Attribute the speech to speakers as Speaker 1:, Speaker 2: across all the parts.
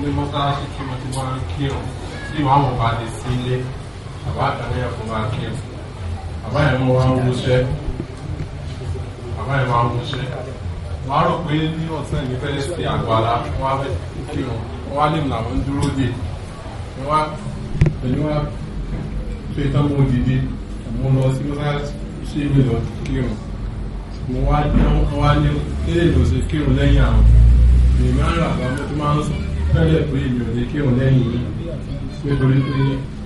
Speaker 1: ní mọ́sálásí tí mo ti wá ń kí ọ tí ìwà àwọn bá lè sí ilé bàbá àtàlẹ́ ẹ̀kọ́ máa kí ọ bàbá yẹn mọ́ wá ń wúṣẹ́ bàbá yẹn máa ń wúṣẹ́ wọ́n á rò pé ní ọ̀sán ní fẹ́ẹ́ sí àgbàlá wọ́n á fẹ́ kí ọ wọ́n á lè nà wọ́n dúró dè wọ́n á pẹ̀lú wọ́n á pé tán mo dìde mo lọ sí mọ́sálásí sí ìwé lọ kí ọ mo wá ní kí lè lọ sí kí ọ lẹ́yìn àwọn èèyàn rà bá mo tó máa ń sùn tẹ́lẹ̀ pé èmi ò ní kírun lẹ́yìn yìí nítorí pé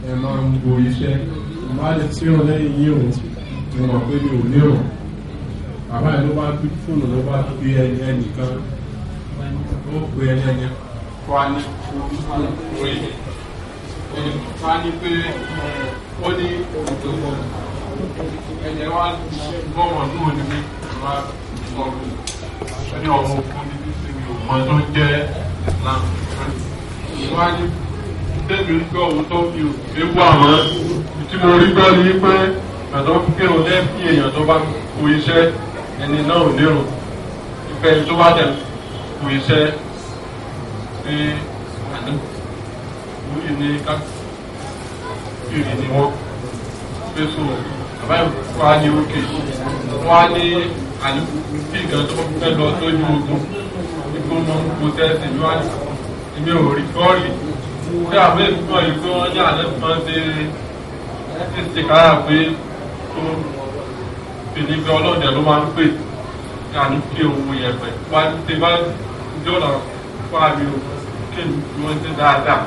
Speaker 1: ẹ máa ń bo iṣẹ́ má lè kírun lẹ́yìn yìí òun mo mọ̀ pé mi ò ní òun bàbá ẹ̀ ló bá gbé fóònù ló bá gbé ẹni ẹnìkan ó ìwà ni tẹ́mi gbọ́ òun tó fi ewu àwọn tí mo rí gbọ́ ni pé àtọ́ kírun lẹ́ẹ̀kí èèyàn tó bá kú iṣẹ́ ẹni náà ò nírun ìfẹ́ tó bá dẹ̀ kú iṣẹ́ pé àná wúyì ní káàkiri ni wọ́n pé so bàbá ìwà ni òkè wọ́n á ní àlùkù bí ìgbà tó fẹ́ lọ sójú ogun ìgbóná mo tẹ́sí níwájú èmi ò rí kọ́ọ̀lì pé àwọn èèkúkọ̀ yìí pé wọ́n ní àlẹ́kùn máa ń ṣe ṣíṣe káyà pé tó pèlè pé ọlọ́dẹ ló máa ń pè ní àníkè ohun ìyẹ̀pẹ̀ wá ṣe bá jọ̀nà fún àmì o kí ni wọ́n ṣe dáadáa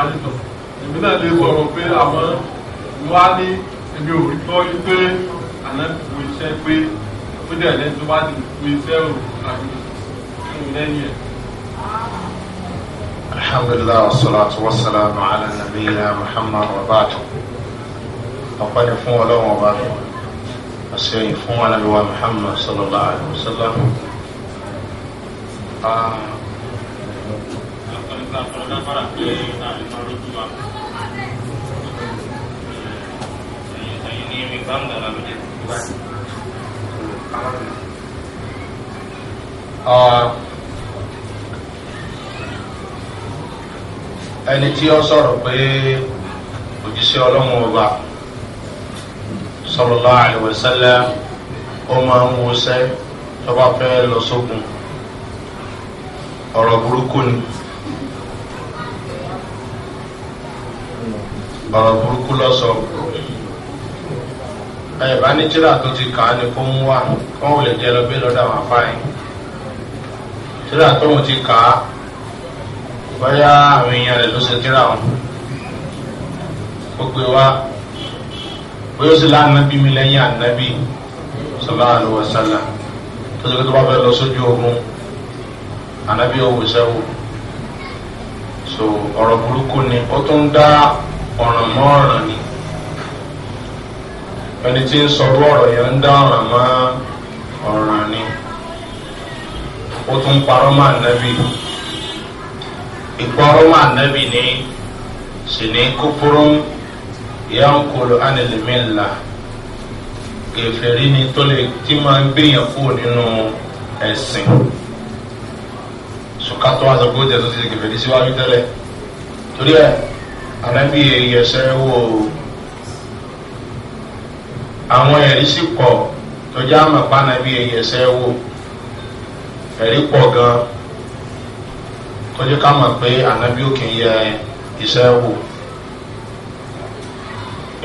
Speaker 1: àlejò èmi náà lè sọ̀rọ̀ pé àwọn wá ní èmi ò rí kọ́ọ̀lì pé àlẹ́kùn iṣẹ́ pé ó dẹ̀ lẹ́ni tó bá ti fi iṣẹ́ òun àbí ìrìn lẹ́yìn ẹ̀.
Speaker 2: الحمد لله والصلاة والسلام على نبينا محمد وبعد وقد يفوه له وبعد أسيفوه على الوا محمد صلى الله عليه وسلم آه. آه. ẹni tí ó sọ̀rọ̀ pé òjíṣẹ́ ọlọ́run ọba sọlọ́lá àlùwẹ̀sẹ́lẹ̀ ó máa ń wọṣẹ́ tó bá fẹ́ lọ sókun ọ̀rọ̀ burúkú ni ọ̀rọ̀ burúkú lọ́sọ̀ ẹ̀ bá ní tíra tó ti kà ni kó ń wà kó ń lè jẹ́ lọ bí lọ́dọ̀ àwọn afáyín tíra tó ń ti kà bóyá àwọn èèyàn rẹ̀ ló ṣe tíra wọn ó pè wá bóyá ó sì láàánábí mi lẹ́yìn ànábì sọlá àlùwà sálà tó ṣe kí tó bá fẹ́ lọ sójú ogun ànábì ò wù sẹ́wù so ọ̀rọ̀ burúkú ni ó tún dá ọ̀ràn mọ́ ọ̀ràn ni ẹni tí ń sọ ọ̀rọ̀ yẹn ń dá ọ̀ràn mọ́ ọ̀ràn ni ó tún parọ́ mọ́ ànábì ìkpọ́rọ́mọ́ ànábì ní sìní kúkúrú yankolo anilmila kẹfẹ́rí ni tó lè tí máa ń gbéyàn kúrò nínú ẹ̀sìn sùkátó àtọ́gbọ́dẹ tó ti di kẹfẹ́rí síwájú tẹ́lẹ̀ torí ẹ̀ ànábì yẹsẹ́ wò àwọn ẹ̀rí sì pọ̀ tó àmàpá ànábì yẹsẹ́ wò ẹ̀rí pọ̀ gan kọjú ká mọ̀ pé ànábí òkè yẹ iṣẹ́ wò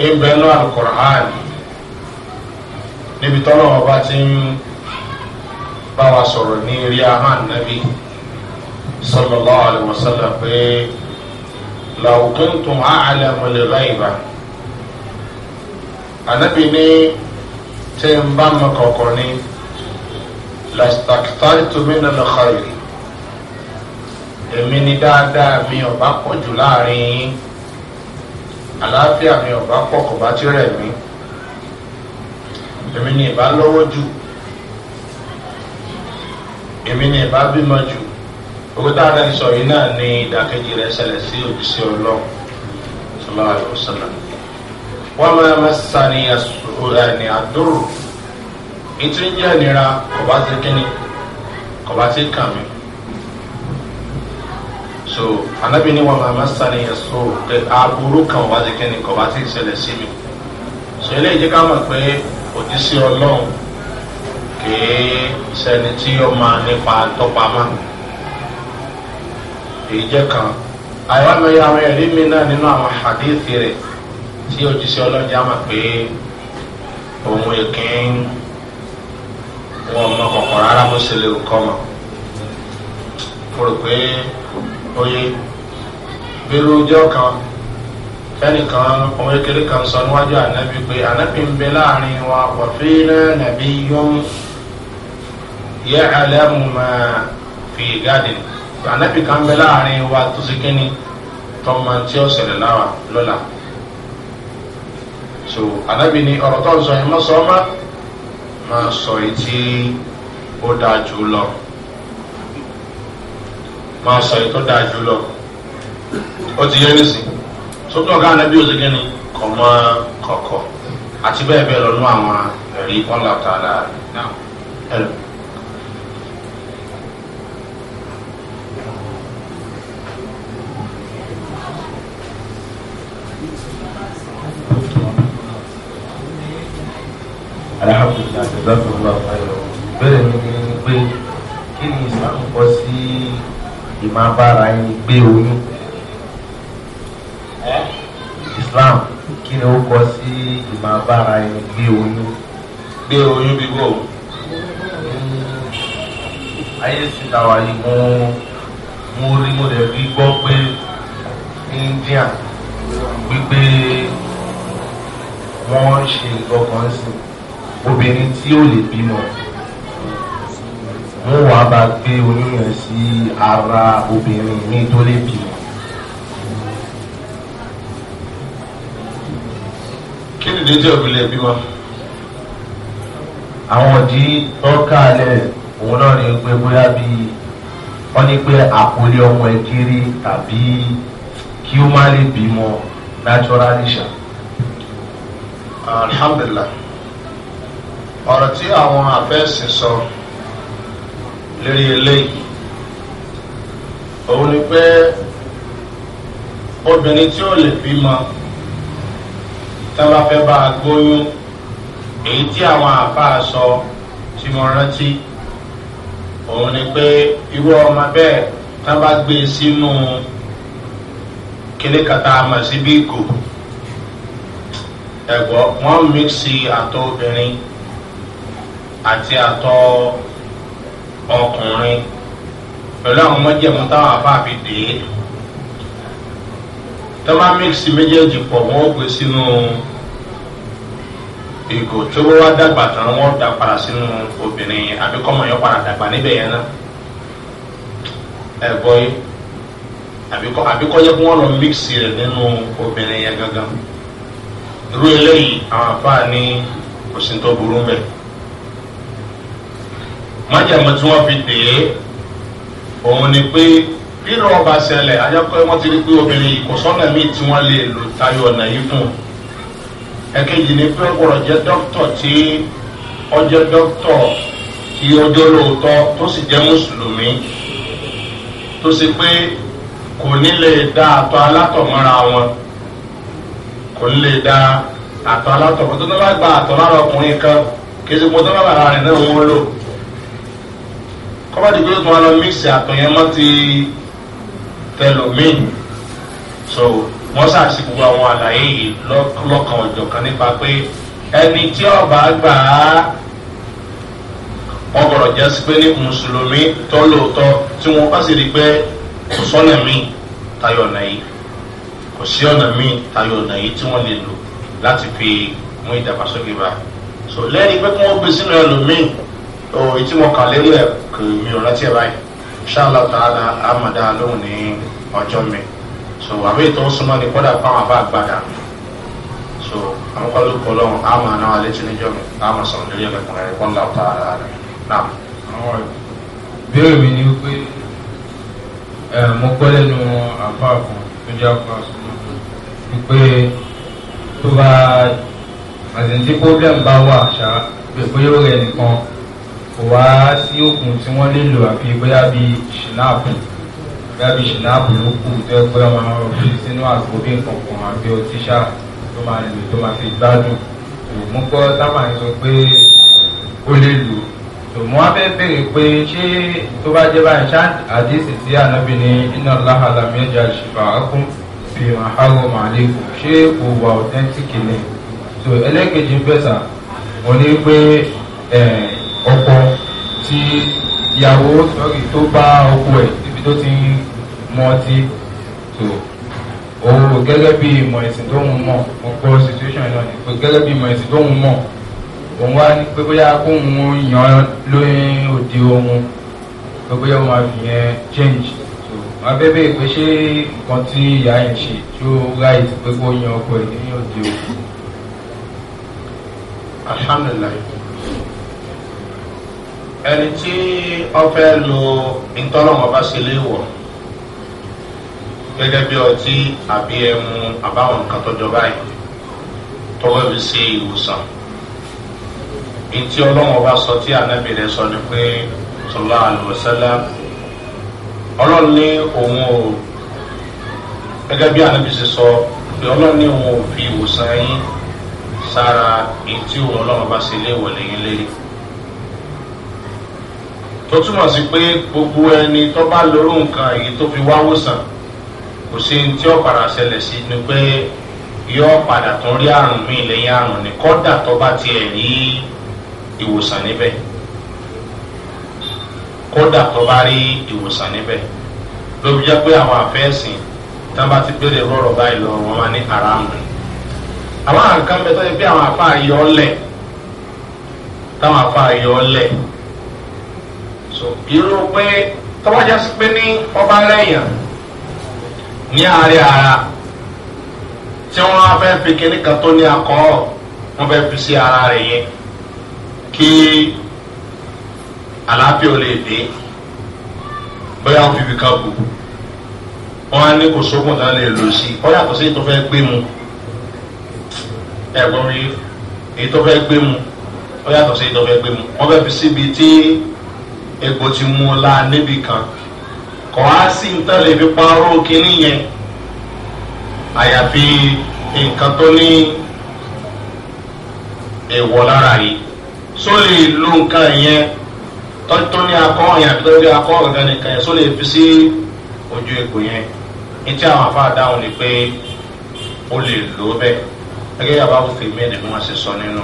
Speaker 2: ibẹ̀ náà alukur'an níbi tọ́lọ́ ọba ti ń bá wa sọ̀rọ̀ ní rí ahán ànábí sọlọ́lá àlùmọ́sálà pé làwùkúntùn àhàlẹ̀ mọ̀lẹ́lá ìbá ànábí ní tẹ́ ń bá mọ̀ kọ̀ọ̀kan ní làstàkítàrí tó lọ́kàrí èmi ni dáadáa mi ọ̀bá pọ̀ jù láàrin yín àlàáfíà mi ọ̀bá pọ̀ kò bá tí rẹ̀ mí èmi ni ìbá lọ́wọ́ jù èmi ni ìbá bímọ jù owó tá a dá sọ yìí náà ní ìdàkejì rẹ̀ ṣẹlẹ̀ sí òbísí ọlọ́run sọlá àlùsọ̀nà máa ma sani ẹni àdúrò ìtúnjẹ́ nira kò bá ti kíni kò bá ti kàn mí so anabi ni wọn màmá sani yẹn so aburú kan wá sí kẹ́ni kọ́ wá sí ìṣẹ̀lẹ̀ sí mi so eléyìí jẹ́ ká mọ̀ pé òjísé ọlọ́run kìí sẹni tí ó máa nípa tọ́pamọ́ èyí jẹ́ kan àyọ̀ mẹ́yà mẹ́rin mi náà nínú àwọn àdéhìí rẹ̀ tí òjísé ọlọ́run jẹ́ àmọ̀ pé òun èkín wọn mọ kọ̀kọ̀ rárá bó ṣe lè kọ́ mọ̀ mo rò pé. Oye, bírú ọjọ́ kan kẹ́nìkan ọmọ kékeré kan sọ níwájú ànábì pé ànábì ń bẹ láàrin wa wàfíìnà nàbí yọ́n yẹ alẹ́mu máa fi gáàdì ànábì kan bẹ láàrin wa tó sì kíni tọ́mọ tí ó ṣẹlẹ̀ láwa lọ́la so ànábì ni ọ̀rọ̀ tó ń sọ yìí mọ́ sọ́ọ́ má máa sọ èyí tí ó dáa jù lọ máa sọ ètò dáa jù lọ ó ti yé nísìn sókè ọ̀gá àná bí ó ti gé ni kọ̀ mọ́ kọ̀kọ̀ àti bẹ́ẹ̀ bẹ́ẹ̀ lọ nú àwọn ẹ̀rí ọ̀là tààlà náà
Speaker 1: ẹ̀rọ.
Speaker 3: alhamdulilayi jazakumullah
Speaker 4: máa bára yín gbé oyún islam kí ni ó kọ sí ìmọ̀ bára yín gbé oyún.
Speaker 2: gbé oyún bí bò.
Speaker 4: Hmm. ayé sì tàwa yìí mo mo rí mo dẹ̀ rí gbọ́ pé india wípé wọ́n ń ṣe nǹkan kan sí obìnrin tí ó lè bímọ
Speaker 2: wọn wà bá gbé oníyàn sí ara obìnrin ní tó lè bì. kí ni déjọ́ ìbílẹ̀ bímọ. àwọn ọ̀dí ọ̀kàlẹ̀ òun náà ní pé bóyá bíi wọ́n ní pé àkólé ọmọ ẹ kéré tàbí kí ó má lè bímọ naturally ṣá. alhamdulilah ọ̀rọ̀ tí àwọn afẹ́sìn sọ. So lérí eléyìí òun ni pé obìnrin tí ó lè bímọ tá a bá fẹ́ bá a gbóyún èyí tí àwọn àbá sọ tí mo rántí òun ni pé irú ọmọ bẹ́ẹ̀ tá a bá gbé e sínú kíní kata àmọ̀ sí bí gò ẹ̀gbọ́n wọ́n mixi àtọ obìnrin àti àtọ ọkùnrin pẹ̀lú àwọn mọ́jẹ̀mú táwọn afáàfi dè é tọ́ba mixi méjèèjì pọ̀ wọ́n gbé sínú ìgò tó wá dàgbà tán wọ́n dà padà sínú obìnrin àbíkọ́mọ yẹn padà dàgbà níbẹ̀ yẹn náà ẹ̀gbọ́ yìí àbíkọ́ àbíkọ́ yẹ kó wọ́n lọ mixi rẹ̀ nínú obìnrin yẹn gangan irú eléyìí àwọn afáà ní kò sí tó burú mẹ́rin májàmú tí wọ́n fi dè é òun ni pé rírọ̀ ọba ṣẹlẹ̀ ajẹ́pẹ́ wọ́n ti rí pé obìnrin yìí kò sọ́nà míì tí wọ́n lè lò tayọ ọ̀nà yìí fún un ẹ̀kejì ni pé ọgbọ̀rọ̀ jẹ́ dókítọ̀ tí ọjọ́ dókítọ̀ tí ọjọ́ lóòótọ́ tó sì jẹ́ mùsùlùmí tó sì pé kò ní lè dá àtọ̀ alátọ̀mọ́ra wọn kò ní lè dá àtọ̀ alátọ̀mọ́ tó tó bá gba àtọ̀ lára ọkùnrin kan kí ẹsẹ̀ pọ́n tó bá bàrà rẹ̀ náà wọ́n lò kọ́ba dìgbò tó máa lọ mix àtọ̀ yẹn mọ́ ti tẹlọmíì so wọ́n ṣàṣì gbogbo àwọn àlàyé yìí lọ́kàn ọ̀jọ̀kan
Speaker 3: nípa pé ẹni tí ọba gbà á
Speaker 2: wọ́n gbọ́dọ̀ jẹ́ sí pé ní mùsùlùmí tó lóòótọ́ tí wọ́n bá sì rí pé kò sọ́nà míì tayọ̀ ọ̀nà yìí kò sí ọ̀nà míì tayọ̀ ọ̀nà yìí tí wọ́n lè lò láti fi mú ìdàgbàsókè bá so lẹ́yìn pé kí wọ́n gbé sínú ẹlòmíì òòrì oh, tí mo kà lérí ẹ̀ kò mi ò rántí ẹ̀ báyìí ṣáàlá tààlà àmàdá lóhùn ní ọjọ́ mi so àmì ìtọ́ súnmọ́ ni kọ́dà báwọn bá gbàdá so àwọn kọ́ ló kọ́ lọ́hùn àmà náà létí níjọ́ mi àmà sọ̀rọ̀ lérí ẹ̀ kọ́dà kọ́dà tààlà rẹ̀
Speaker 4: náà. béèrè mi ni wípé mo gbọ́ lẹ́nu àbá kan tó jẹ́ àbá sọ́nà wípé tó bá àtẹ̀ntí pọ́blẹ́m bá wà ṣá pé bóyá ó nìkan kò wá sí òkun tí wọ́n lè lò àfi bóyá bí ṣìnáàpù bóyá bí ṣìnáàpù ló kù tó ẹ pé ọmọ fi sínú àgbo bí nǹkan kan àbí ọtí ṣáà tó máa lò tó máa fi gbádùn òun gbọ́ táwọn àìsàn pé ó lè lò tòmú abẹ́ bèrè pé ṣé tó bá jẹ́ báyìí ṣá àdéhùn sí ànábì ní iná láhàlà méjà ṣùgbọ́n akún fi àhárò màálẹ́kù ṣé kò wà authentic ni so ẹlẹ́kejì ń bẹ̀sà wọ́n ní pé eh, ọkọ tí ìyàwó sọ́ọ̀rì tó bá ọkọ ẹ̀ níbi tó ti ń mu ọtí tó òun gẹ́gẹ́ bí ìmọ̀ ẹ̀sìn tó ń mọ̀ mo gbọ́ situation náà ni pé gẹ́gẹ́ bí ìmọ̀ ẹ̀sìn tó ń mọ̀ òun wá ní pé bóyá kóun yàn lóyún òde ohun pé bóyá òun máa fi yẹn change tó máa bẹ́ẹ̀ bẹ́ẹ̀ pé ṣé nǹkan tí ìyá yẹn ṣe tí ó ráì pé kó yan ọkọ ẹ̀ ní òde ohun. alhamdulilayi
Speaker 2: ẹni tí ọfẹ́ lo ìtọ́lọ́mọ bá ṣe léwọ̀ gẹ́gẹ́ bí ọtí àbí ẹmu àbáwọn nǹkan tọjọ báyìí tọwọ́ fi ṣe ìwòsàn ìtí ọlọ́wọ́ bá sọ tí anábìrin sọ ni pé sọlá àlùmọ́sálá ọlọ́run ní òun ò gẹ́gẹ́ bí anábì ṣe sọ pé ọlọ́run ní òun ò fi ìwòsàn yín sára ìtí òun ọlọ́run bá ṣe léwọ̀ lẹ́yìn lẹ́yìn tó túmọ̀ sí pé gbogbo ẹni tó bá lóró nǹkan èyí tó fi wáwó sàn kò sí ní tí ó ṣẹlẹ̀ sí ni pé yóò padà tún rí àrùn míì lẹ́yìn àrùn ní kọ́dà tó bá tiẹ̀ rí ìwòsàn níbẹ̀ kódà tó bá rí ìwòsàn níbẹ̀ ló fi jẹ́ pé àwọn àfẹ́sìn tá bá ti béèrè rọ̀rọ̀ báyìí lọ wọ́n máa ní haramu àwọn nǹkan bẹ tó yẹ pé àwọn afá yọ lẹ̀ táwọn afá yọ lẹ̀ so irú pé tọ́wájá sí pé ní ọba lẹ́yìn ní àárẹ̀ ara tí wọ́n á fẹ́ fi kíní kan tó ní akọ wọ́n fẹ́ fi sí ara rẹ̀ yẹn kí àlàáfíà ò lè dé bóyá wọ́n fi fi ká bù wọ́n á ní kò sókùn tá a lè lò sí ọ yàtọ̀ sí ètò fẹ́ gbé mu ẹ̀gbọ́n mi ètò fẹ́ gbé mu ọ yàtọ̀ sí ètò fẹ́ gbé mu wọ́n fẹ́ fi síbi tí egbò ti mú ọ la níbì kan kọ́ á sí ntẹ́lẹ̀ fi parọ́ kínní yẹn àyàfi nǹkan tó ní èèwọ̀ lára yìí só lè lo nǹkan yẹn tọ́jú ní akọ́ yẹn àti tọ́jú akọ́ ọ̀gá nìkan yẹn só lè fi sí ojú egbò yẹn ní tí àwọn afá dáhùn ni pé ó lè lò ó bẹ́ẹ̀ gẹ́gẹ́ bí abáwò fèmí ẹ̀ nínú wọn ṣe sọ nínú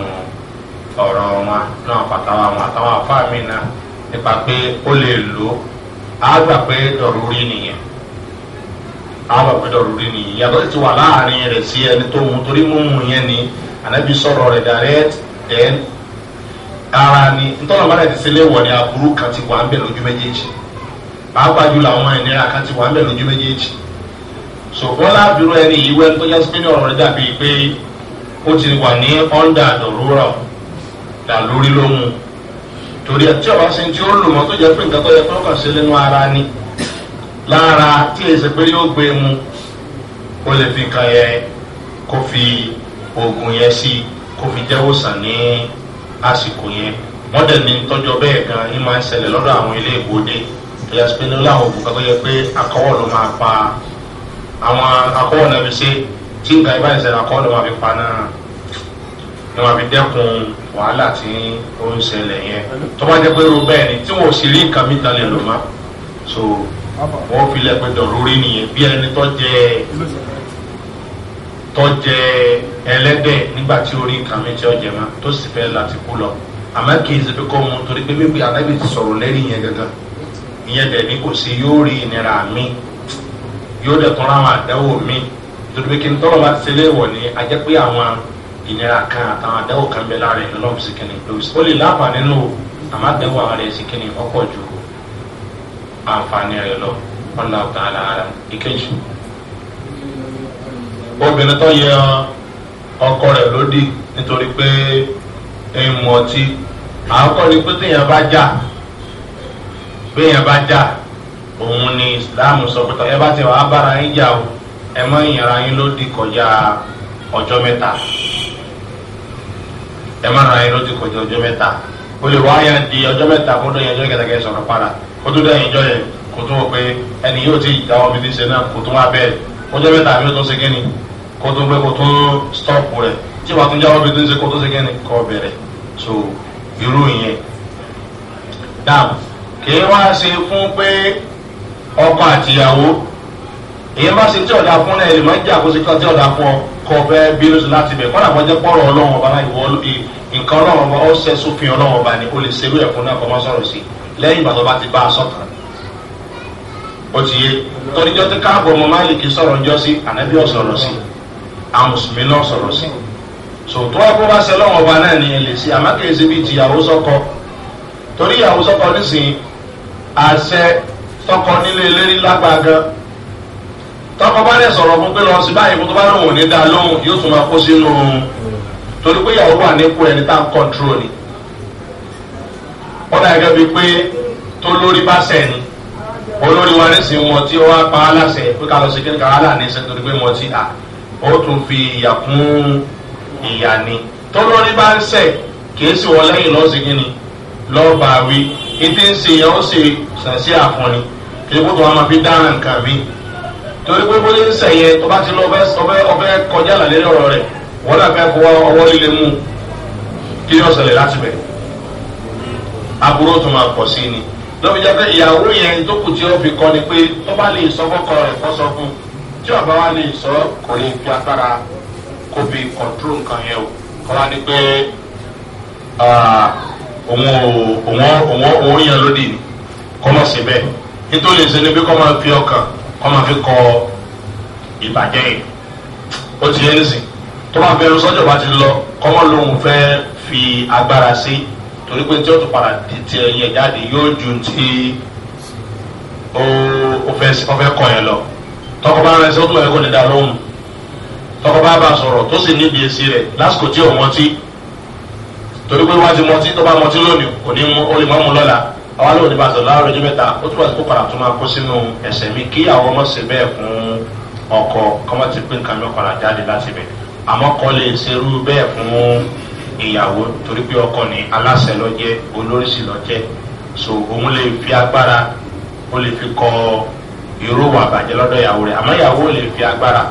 Speaker 2: ọ̀rọ̀ wọn náà pàtàkì àwọn àtàwọn afá mi náà. nípa pé ó lè lò á pé dọ̀rúrí nìyẹn á pé dọ̀rúrí nìyẹn yàtọ̀ ti wà láàrin rẹ̀ sí ẹni tó mu torí yẹn ni ànábi sọ̀rọ̀ rẹ̀ direct then ara ni ntọ́nà bá dẹ̀ sílé wọ̀ ni aburú kan ti wà ń bẹ̀ lójú méjèèjì pàápàá jùlọ àwọn ìnira kan ti wà ń bẹ̀ lójú méjèèjì so wọn láàbìrú ẹni yìí wẹ́n tó yẹsùn nínú ọ̀rọ̀ rẹ̀ dàbí pé ó ti wà torí ẹ̀ tí ọba ṣe tí ó lò mọ́ tó jẹ́ pé nǹkan tó yẹ pé ó kàn ṣe lẹ́nu ara ni lára tí èsì pé yóò gbé e mu ó lè fi kan yẹn kó fi oògùn yẹn sí kó fi jẹ́wọ́ sàn ní àsìkò yẹn wọ́n dẹ̀ ní tọ́jọ́ bẹ́ẹ̀ gan ni máa ń ṣẹlẹ̀ lọ́dọ̀ àwọn ilé ìgbòde ìyá spinu láwọn òògùn kan tó yẹ pé akọ́wọ́ ló máa pa àwọn akọ́wọ́ náà fi ṣe tí nǹkan ìbáyìí ṣẹlẹ̀ akọ́wọ́ ló máa fi pa náà ni wọ́n fi dẹ́kun wàhálà tí ó ń ṣẹlẹ̀ yẹn tó bá jẹ́ pé ro bẹ́ẹ̀ ni tí wọ́n sì rí nǹkan mi dalẹ̀ lò má so wọ́n fi lẹ́pẹ́ dọ̀rọ̀ orí nìyẹn bí ẹni tó jẹ́ tó jẹ́ ẹlẹ́dẹ̀ nígbà tí ó rí nǹkan mi tí ó jẹ má tó sì fẹ́ láti kú lọ àmọ́ kì í ṣe pé kọ́ mu torí pé bíbí anábì ti sọ̀rọ̀ lẹ́rìí yẹn gangan ìyẹn dẹ̀ ní kò sí yóò rí ìnira mi yóò dẹ̀ tún àwọn àdáwò mi torí pé kí n tọ́lọ́ bá ti ṣe léèwọ̀ ni a jẹ́ pé àwọn ìnira kan àtàwọn àdáwò kan bẹ láàrin ọlọ́run sí kìnnì lóòsì ó lè láǹfà nínú àmọ́ àdáwò àwọn rẹ̀ sí kìnnì ọ̀pọ̀ ju àǹfààní rẹ̀ lọ ọ̀là ọ̀tà ara ara ìkejì. obìnrin tó yẹ ọkọ rẹ̀ lódì nítorí pé ń mu ọtí àwọn kọ́ ni pé téèyàn bá jà béèyàn bá jà òun ni islam sọ pé tọ́yẹ́ bá ti wà á bára yín jà o ẹ mọ́ ìyàrá yín ló kọjá ọjọ́ mẹ́ta ẹ má ra irun ti kọjá ọjọ́ mẹ́ta o lè wáyà di ọjọ́ mẹ́ta kó tó yẹ ọjọ́ kẹta kẹ sọ̀rọ̀ padà kó tó dẹ́yìn ọjọ́ yẹn kó tó wọ pé ẹni yóò ti dáwọ́ mi ti ṣe náà kó tó wá bẹ́ẹ̀ ọjọ́ mẹ́ta àbí tó ṣe kíni kó tó pé kó tó stop rẹ̀ tí wàá tó jáwọ́ mi ti ṣe kó tó ṣe kíni kó bẹ̀rẹ̀ so irú yẹn dam kì í wá ṣe fún pé ọkọ àtìyàwó èyí má ṣe tí ọ̀dà fún ẹ̀ kọ fẹ́ bí ó sì láti bẹ̀ kọ́nà àbọ̀jẹ́ pọ̀rọ̀ ọlọ́run ọba ìwọ nǹkan ọlọ́run ọba ó ṣe sófin ọlọ́run ọba ni ó lè ṣerú ẹ̀kún náà kọ́ máa sọ̀rọ̀ sí lẹ́yìn ìgbà tó bá ti bá a sọ̀tàn. ó ti yé tọ́níjọ́ tí káàbọ̀ ọmọ máàlìkì sọ̀rọ̀ ńjọ́ sí ànábì ọ̀sọ̀rọ̀ sí àwọn náà sọ̀rọ̀ sí. sòtú ọkọ̀ bá ṣe ọlọ́run ọba náà ni lè ṣe àmọ́ kì í ṣe tọkọ bá dẹ̀ sọ̀rọ̀ fún pé lọ sí báyìí kó tó bá lóun ní dá lóhùn yóò tún máa kó sínú torí pé ìyàwó wà nípò ẹni tá à ń kọ́ńtró ó dàgẹ́ bíi pé tó lórí bá sẹ́ni olórí wa nísìnyí wọn tí ó wá pa á láṣẹ pé ká lọ sí kíni káwá láàánú iṣẹ́ torí pé wọn ti à ó tún fi ìyà kún ìyà ni tó lórí bá ń sẹ̀ kì í sì wọ lẹ́yìn lọ́sìn kíni lọ́ọ́ bá wí ètè ń se yẹn ó sàn sí àfọ̀nì kí ó tó wá máa fi dáhùn nǹkan bíi torí pé bóyá ń sẹ̀yẹ tó bá ti lọ ọbẹ̀ ọbẹ̀ kọjá làlẹ́ lọ́rọ̀ rẹ̀ wọ́n làbẹ́ kó ọwọ́ líle mú kí yóò sẹlẹ̀ láti bẹ̀. aburú tó máa pọ̀ sí ni lọ́bi jẹ́ pé ìyàwó yẹn tó kù tí ó fi kọ́ ni pé tó bá lè sọ fọ́kọ rẹ̀ kọ́ sọ fún tí ọba wa lè sọ kò lè fi agbára kó
Speaker 3: fi kọ̀ntró nǹkan yẹn o kọ́ wa ni pé
Speaker 2: òun òun òun òun yẹn lódì kọ́ mọ̀ sí bẹ́ẹ̀ nítorí ìsinmi bí kọ́ máa fi ọkàn kọ́mọ fi kọ ìbàjẹ́ yìí ó ti yẹn sìn tó bá bẹ̀rù sọ́jọ́ bá ti lọ kọ́mọ lòun fẹ́ fi agbára sí torí pé tí ó tún padà di ti ẹyẹ jáde yóò ju ti ó fẹ́ kọ yẹn lọ tọkọ bá rẹ sí ó tún ẹ̀kọ́ ní dá lóhùn tọkọ bá bá sọ̀rọ̀ tó sì níbi èsì rẹ̀ lásìkò tí ò mọtí torí pé wájú mọtí tó bá mọtí lónìí kò ní mú ó lè mọ́ mu lọ́la àwọn alẹ́ òní bá sọ láàárọ̀ ọjọ́ mẹ́ta ó túbọ̀ tó padà tó máa kó sínú ẹ̀sẹ̀ mi kí àwọn ọmọ ṣe bẹ́ẹ̀ fún ọkọ kọ́mọ́ ti pín nǹkan mẹ́kànlá jáde láti bẹ̀ àmọ́ kọ́ lè ṣerú bẹ́ẹ̀ fún ìyàwó torí pé ọkọ ni aláṣẹ lọ́jẹ́ olóríṣi lọ́jẹ́ so òun lè fi agbára ó lè fi kọ irú wà bàjẹ́ lọ́dọ̀ ìyàwó rẹ̀ àmọ́ ìyàwó lè fi agbára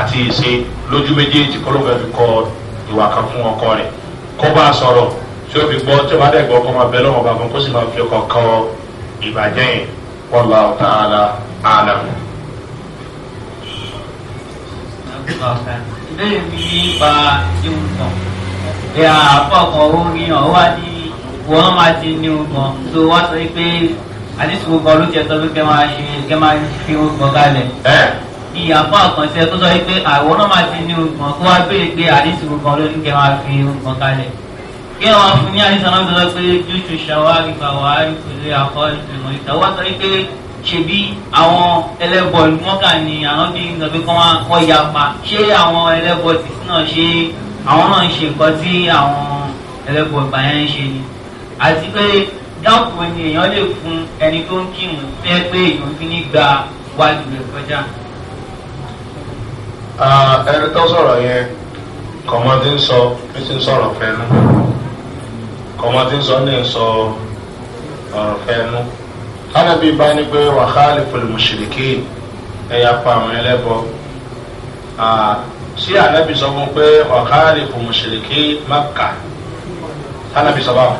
Speaker 2: àti ìṣe lójú méjèèjì kó ló fẹ́ fi kọ ìwà kan fún ọkọ rẹ̀ kó bá sọ̀rọ̀ tí ó fi gbọ́ tí ó bá dẹ̀ gbọ́ kọ́ máa bẹ lọ́wọ́ bá fún kó sì máa fi ọkọ̀ kan ìbàjẹ́ yẹn wọ́n la ọ̀tá ara ààlà.
Speaker 3: ìbéèrè mi nípa irun kan ìyá àpapọ̀ orí hàn wá ní wọ́n máa ti ní irun kan tó wá sọ pé àdìsí gbogbo ọdún tiẹ̀ sọ pé kẹ́ máa ṣe kẹ́ máa fi irun kalẹ̀ ìyàpá àkànṣe tó sọ pé àwọn náà máa ti ní irun kan wá béèrè pé àdìsí gbogbo ọdún kẹ́ máa fi irun kalẹ̀ kí wọn fún ní àdìsàn náà sọ pé júùtù ṣàwárí bàwárí pẹ̀lú àkọọ́lẹ̀ ìmọ̀ ìtàwọ́ sọ pé ṣebí àwọn ẹlẹ́bọ ìlú mọ́kà ni àwọn bí ń sọ pé kán wá kọ́ ya pa ṣé àwọn ẹlẹ́bọ tìtì náà ṣe àwọn náà ń ṣe nǹkan tí àwọn ẹlẹ́bọ ìgbà yẹn ń ṣe ni àti pé dáàbò ni èèyàn lè fún ẹni tó ń kírun fẹ́ pé èèyàn fi ní gba wájú rẹ̀ kọjá.
Speaker 2: Ah, ẹni tó sọ̀rọ̀ yẹn kọ̀mọ́dé ń sọ bí ti ń sọ̀rọ̀ fẹ́ kọmọtí sọ ní sọ ọ̀rọ̀ uh, fẹ́nu kánábì bá ní pé wàhálì fòlùmùsìlìkì ẹ̀yà pa àwọn ẹlẹ́bọ sí ànábì sọ fún pé wàhálì fòlùmùsìlìkì máka kánábì sọ báwọn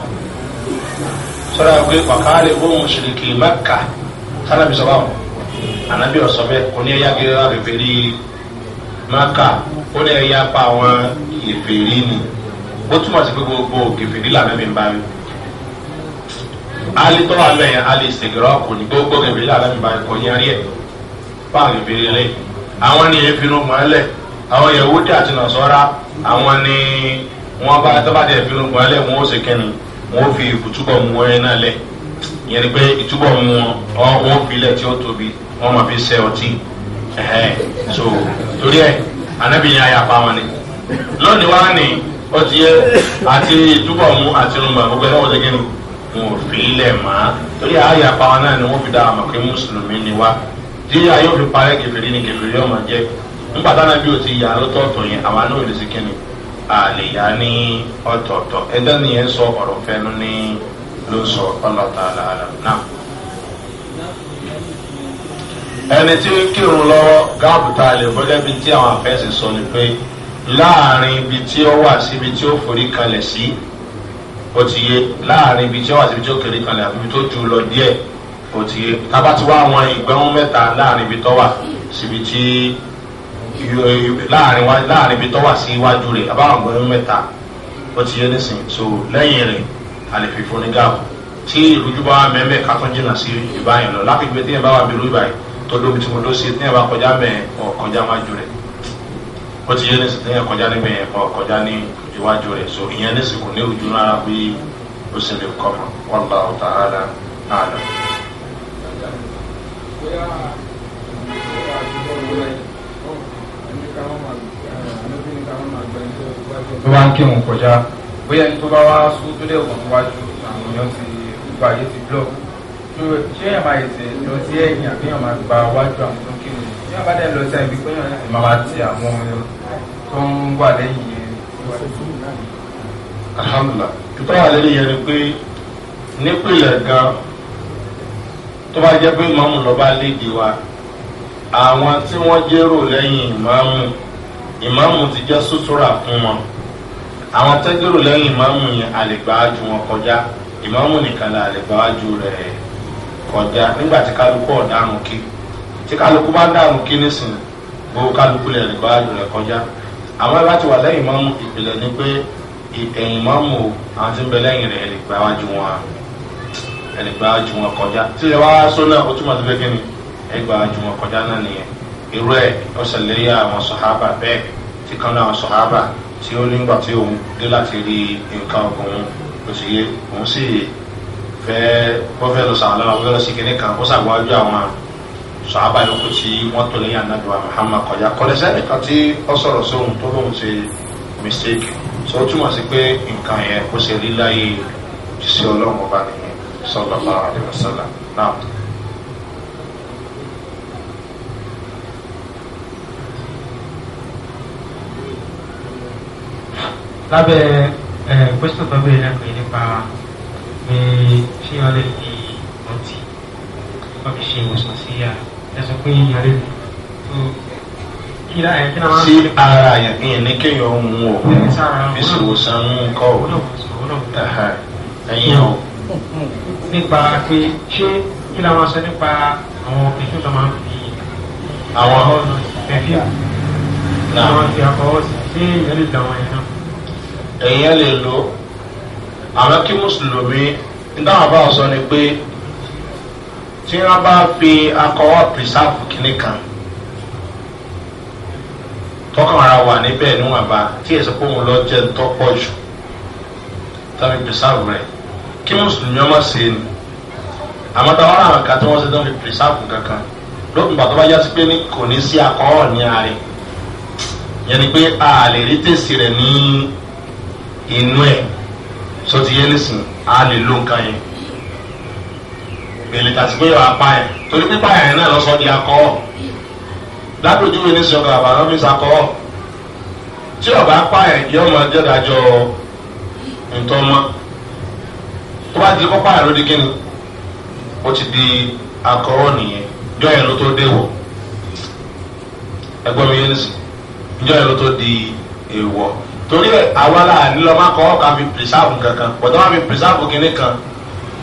Speaker 2: sọ́dọ̀ pé wàhálì fòlùmùsìlìkì máka kánábì sọ báwọn ànábì ọ̀sọ́ bẹ́ẹ̀ kò ní ẹ̀yà gíga rẹ̀ fèrè máka ó ní ẹ̀yà pa àwọn ìfèrè ni ó túmọ̀ sí pé gbogbo ògèfè nílà mẹ́mi ń bá mi ali tọrọ alẹ yẹn ali sèkìrọ kuni ní gbogbo ògèfè nílà mẹ́mi ń bá mi kò yẹn rí ẹ̀ báàgì fèrè lẹ àwọn ni èéfínú mọ́lẹ̀ àwọn yẹ̀wúdí àti nàṣọ́ra àwọn ni wọ́n bá tọ́bàdì èéfínú mọ́lẹ̀ wọ́n ó sì kẹ́ni wọ́n ó fi ìtúbọ̀ mú ẹ náà lẹ̀ yẹn ni pé ìtúbọ̀ mú wọn wọ́n fi ilẹ̀ tí ó tóbi wọ́n máa fi so torí ẹ̀ anábìyẹn àyàpá wọn ni wani. ó ti yẹ àti túbọ̀ mú àti irun gbàgbọ́ pé lọ́wọ́ ṣẹ́gi wọn ò fi ilẹ̀ mọ́ torí ya pàwọn náà ni wọ́n fi dá àmọ̀ pé mùsùlùmí ni wá tí a yóò fi parẹ́ kẹfìrí ni kẹfìrí yóò máa jẹ nígbà ti yà lọ́tọ̀ọ̀tọ̀ yẹn àwọn kíni àlèyá ní ọ̀tọ̀ọ̀tọ̀ nìyẹn sọ ọ̀rọ̀ fẹ́nu ní ló sọ ọlọ́ta náà. ẹni tí kírun lọ sọ ni láàrin ibi tí ó wà síbi tí ó forí kalẹ̀ sí ó ti yé láàrin ibi tí ó wà síbi tí ó kéré kalẹ̀ àbí ibi tó ju lọ díẹ̀ ó ti yé tába ti wá àwọn ìgbẹ́hún mẹ́ta láàrin ibi tó wà síbi tí láàrin ibi tó wà sí iwájú rẹ̀ àbáwọn ìgbẹ́hún mẹ́ta ó ti yé nísìnyí so lẹ́yìn rẹ̀ àlefi fúnni gáàbù tí ìrújúbọ mẹ́mẹ́ ká jìnnà sí ìbáyìí lọ lápẹ̀gbẹ́ tí ẹ bá wà bí irú ìbáyìí tó dóbi tí mo dó sí tí ẹ bá kọjá mẹ́ ọ̀ kọjá má ju rẹ̀ ó ti yé nísìnyí téèyàn kọjá níbi yẹn kan kọjá ní iwájú rẹ̀ so ìyẹn nísìnyí kò ní ojú náà bí ó sì lè kọ́ mọ́ wọ́n lọ ọ̀tá
Speaker 4: ààlà ààlà. tó bá ń kírun kọjá bóyá ẹni tó bá wá sún tó lè wọ̀n wájú àwọn èèyàn ti gbà yé ti blọọkù ṣé ẹ̀ máa yẹ̀ tẹ̀ lọ sí ẹ̀yìn àbí ẹ̀ máa gba wájú àwọn tó ń kírun ní abájá lọ sí àbí pé yàn láti
Speaker 2: máa àwọn ni pé nípìnlẹ̀ gan tó bá jẹ́ pé mọ́mù lọ́ba léde wa àwọn tí wọ́n jérò lẹ́yìn ìmáàmù ìmáàmù ti jẹ́ sutura fún wọn àwọn tẹ́jọ́rò lẹ́yìn ìmáàmù yẹn àlègbàájú wọn kọjá ìmáàmù nìkan la àlègbàájú rẹ̀ kọjá nígbà tí kálukú ọ̀daràn kí tí kálukú bá dànù kíní sí ni bó kálukú lè rìn báyìí rẹ̀ kọjá àmọ́ láti wà lẹ́yìn mọ́mú ìpìlẹ̀ ni pé ẹ̀yìn mọ́mú àwọn tí ń bẹ lẹ́yìn rẹ̀ ẹ̀lì gbà wájú wọn ẹ̀lì gbà wájú wọn kọjá tí ìyẹn wá sọ náà ó túmọ̀ sí pé kíni ẹ̀ gbà wájú wọn kọjá náà nìyẹn irú ẹ̀ ó ṣẹlẹ̀ yá àwọn sọ̀hábà bẹ́ẹ̀ tí kan náà sọ̀hábà tí ó nígbà tí òun dé láti rí nǹkan ọkùnrin kò sì yé òun sì fẹ́ bọ́fẹ́ lọ sàlọ́ àwọn ọlọ́sìn kìnnìkan ó ṣàgbọ́jú àwọn sàábà yòókù tí wọ́n tó lẹ́yìn anagba muhammad kọjá kọ́lẹ́sẹ́ nìkan tí ó sọ̀rọ̀ sóhun tó lóhun ṣe mistake so túmọ̀ sí pé nǹkan yẹn kó ṣe rí láyé ṣe ọlọ́run ọba nìyẹn sọlọ bá wà lẹ́wọ̀ sọlá náà.
Speaker 4: lábẹ́ ẹ̀ eh, pẹ́sítọ̀ tó bẹ̀rẹ̀ lẹ́kọ̀ọ́ yìí nípa ṣé wọ́n lè fi ọtí wọ́n fi ṣe ìwòsàn sí yàrá ẹ̀sùn pé yíyan rẹ̀
Speaker 2: sí ara yẹn ní kéèyàn ń mú o fi sòwòsàn ń kọ́ o ẹ̀yìn o. nípa pé ṣé kí la máa sọ nípa àwọn èso tó máa ń fi àwọn ẹ̀fí àwọn ti àkọ́wọ́ sí ṣé ìyẹn lè dà wọ́n yẹn náà. ẹ̀yìn lè lo àmọ́ kí mùsùlùmí ní táwọn bá sọ ni pé tí wọ́n bá fi akọwọ́ pírísàfù kìnnì kan tọkàn ara wà níbẹ̀ níwọ̀nba tí èsì pé òun lọ jẹ́ tọ́pọ̀ jù tàbí pírísàfù rẹ̀ kí mùsùlùmí ọmọ sí ni àmọ́ táwọn àwọn kan tí wọ́n ṣe tó fi pírísàfù kankan lópin bàtọ́ bá yá sí pé ní kò ní sí akọwọ́ ní ààrẹ yẹn ni pé a lè rí tèsì rẹ̀ ní inú ẹ̀ sọ ti yé nísìnyí a lè lo nǹkan yẹn gbèlè tàtìgbé yọ apá yẹn torí pípa yẹn náà lọ sọ di akọ lápèjúwe ní sọgbà àbàrán mi sakọ tí ọba apá yẹn yọ ọmọ jẹdájọ ntọmọ tó bá di kọpá yẹn ló di kíni ó ti di akọrọ nìyẹn jọ yẹn ló tó déwọ ẹgbọn mi yẹn nìsí jọ yẹn ló tó di èèwọ torí àwa là nílọ má kọ́ ọ́ ká fi pírísàfù kankan pọ̀tọ́ má fi pírísàfù kínní kan.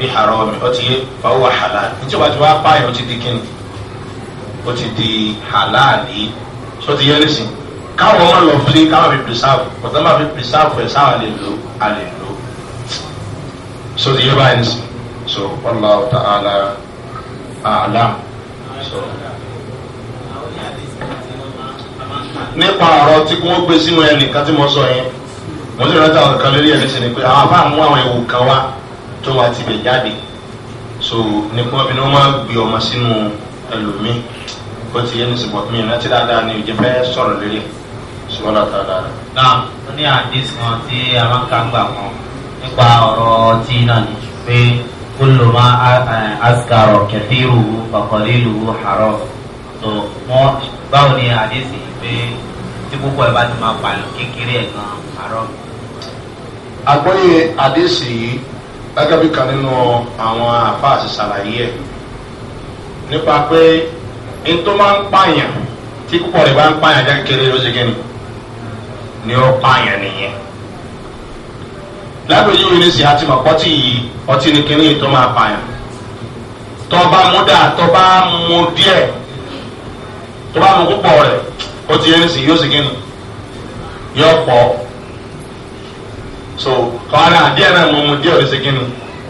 Speaker 2: bí haram ọ ti yé fawọ halal níjọba tí wàá pààyàn ó ti di kíni ó ti di halal yìí sọ ti yẹ lẹsìn káwọn ọmọ lọ fúlé káwọn fi pèsàfù ọ̀tọ́ máa fi pèsàfù ẹ̀ sáwọn lè lò á lè lò sọ ti yẹ báyìí nìsín so wàllu ta'ala a'lam so. nípa ọ̀rọ̀ tí wọ́n gbé sínú ẹnì kan tí mo sọ yẹn mo sì rántí àwọn kan lórí ẹ̀ nísìnyí pé àwọn afáàmú àwọn ewu kan wá tó wá tibẹ̀ jáde so nípa ni wọ́n máa gbé ọmọ sínú ẹlòmíì kó ti yẹn ní sọ̀bọ̀ mi náà ti dáadáa ni òjò fẹ́ sọ̀rọ̀ lélẹ̀ sọ̀rọ̀ láta dáadáa.
Speaker 3: náà ó
Speaker 4: ní àdéhùn kan tí a máa ń ká gbà kan nípa ọ̀rọ̀ ọtí náà ni pé kúlò máa asgarọ̀ kẹfíìrù ọ̀kọ̀lélù àárọ̀ tó wọ́n báwo ni àdéhùn pé tí púpọ̀ ẹ bá ti máa pààyàn kékeré ẹ̀ gan àárọ̀.
Speaker 2: àgbọ̀yé àdéhùn yìí gẹ́gẹ́ bí kan nínú àwọn àbá àti ṣàlàyé ẹ̀ nípa pé n tó máa ń pààyàn tí púpọ̀ rẹ̀ bá ń pààyàn jẹ́ kéré ló ṣe kíni ni ó pààyàn nìyẹn lábẹ́yìí wí ní sìn àti mọ̀pọ́tì yìí ọtí ni kíní yìí tó máa pààyàn tọ́ba mú dáa tọ́ba mú díẹ̀ tọ́ba mú púpọ̀ rẹ̀ ó ti yẹ ní yóò ṣe kíni yóò pọ̀ ọ́ so kọ́ra díẹ̀ náà mo mu díẹ̀ òde segin ni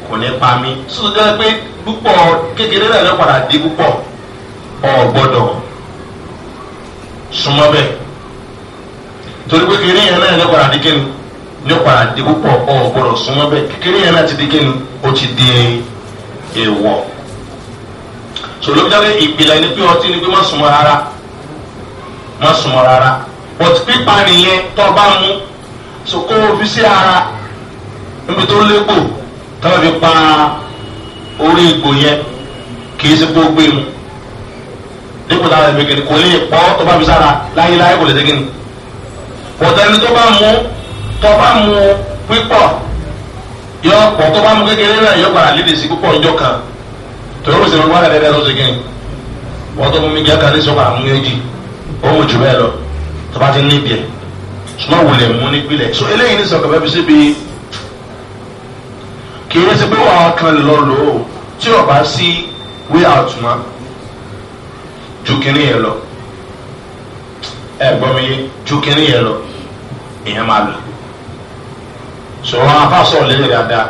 Speaker 2: kò ní pa mí so tó jẹ́ pé púpọ̀ kékeré náà ló padà di púpọ̀ ọ̀ gbọ́dọ̀ súnmọ́ bẹ́ẹ̀ torí pé kékeré yẹn náà ló padà di kékeré ní padà di púpọ̀ ọ̀ gbọ́dọ̀ súnmọ́ bẹ́ẹ̀ kékeré yẹn náà ti di kékeré ó ti di èèwọ̀ sòlóbìjáde ìpìlẹ̀ ni pé ọtí ni pé má súnmọ́ rárá má súnmọ́ rárá but pípa nìyẹn tó bá mú sòkò fi sí ara níbi tó légbò tọ́lá fi pa orí egbò yẹn kì í sí kó gbé mu dípò táwọn ẹ̀mí kìnnì kò lè pọ́ tó bá fi sára láyéláyé kò lè dé kìnnì pọ̀tẹ́ni tó bá mu tó bá mu pípọ̀ yọ pọ̀ tó bá mu kékeré náà yọ gbàrà lílè sí púpọ̀ ọjọ́ kan tòun ó sì ń wá ẹ̀rẹ́dẹ́ lọ́sọ̀ kìnnì wọ́n tó mú mi kí á kà mú méjì ó mú jù bẹ́ẹ̀ lọ tó bá ti ní ibi ṣùgbọ́n wò lè mú nípìnlẹ̀ so eléyìí ní sọ̀kọ̀ bẹ́ẹ̀ bí síbi kì í ṣe pé wàá kan lọ lò ó tí ò bá sí way out mọ́ ju kínní yẹn lọ ẹ gbọ́ mi yé ju kínní yẹn lọ èèyàn máa lò sọ̀rọ̀ àwọn afáàsọ̀ lélẹ̀ dáadáa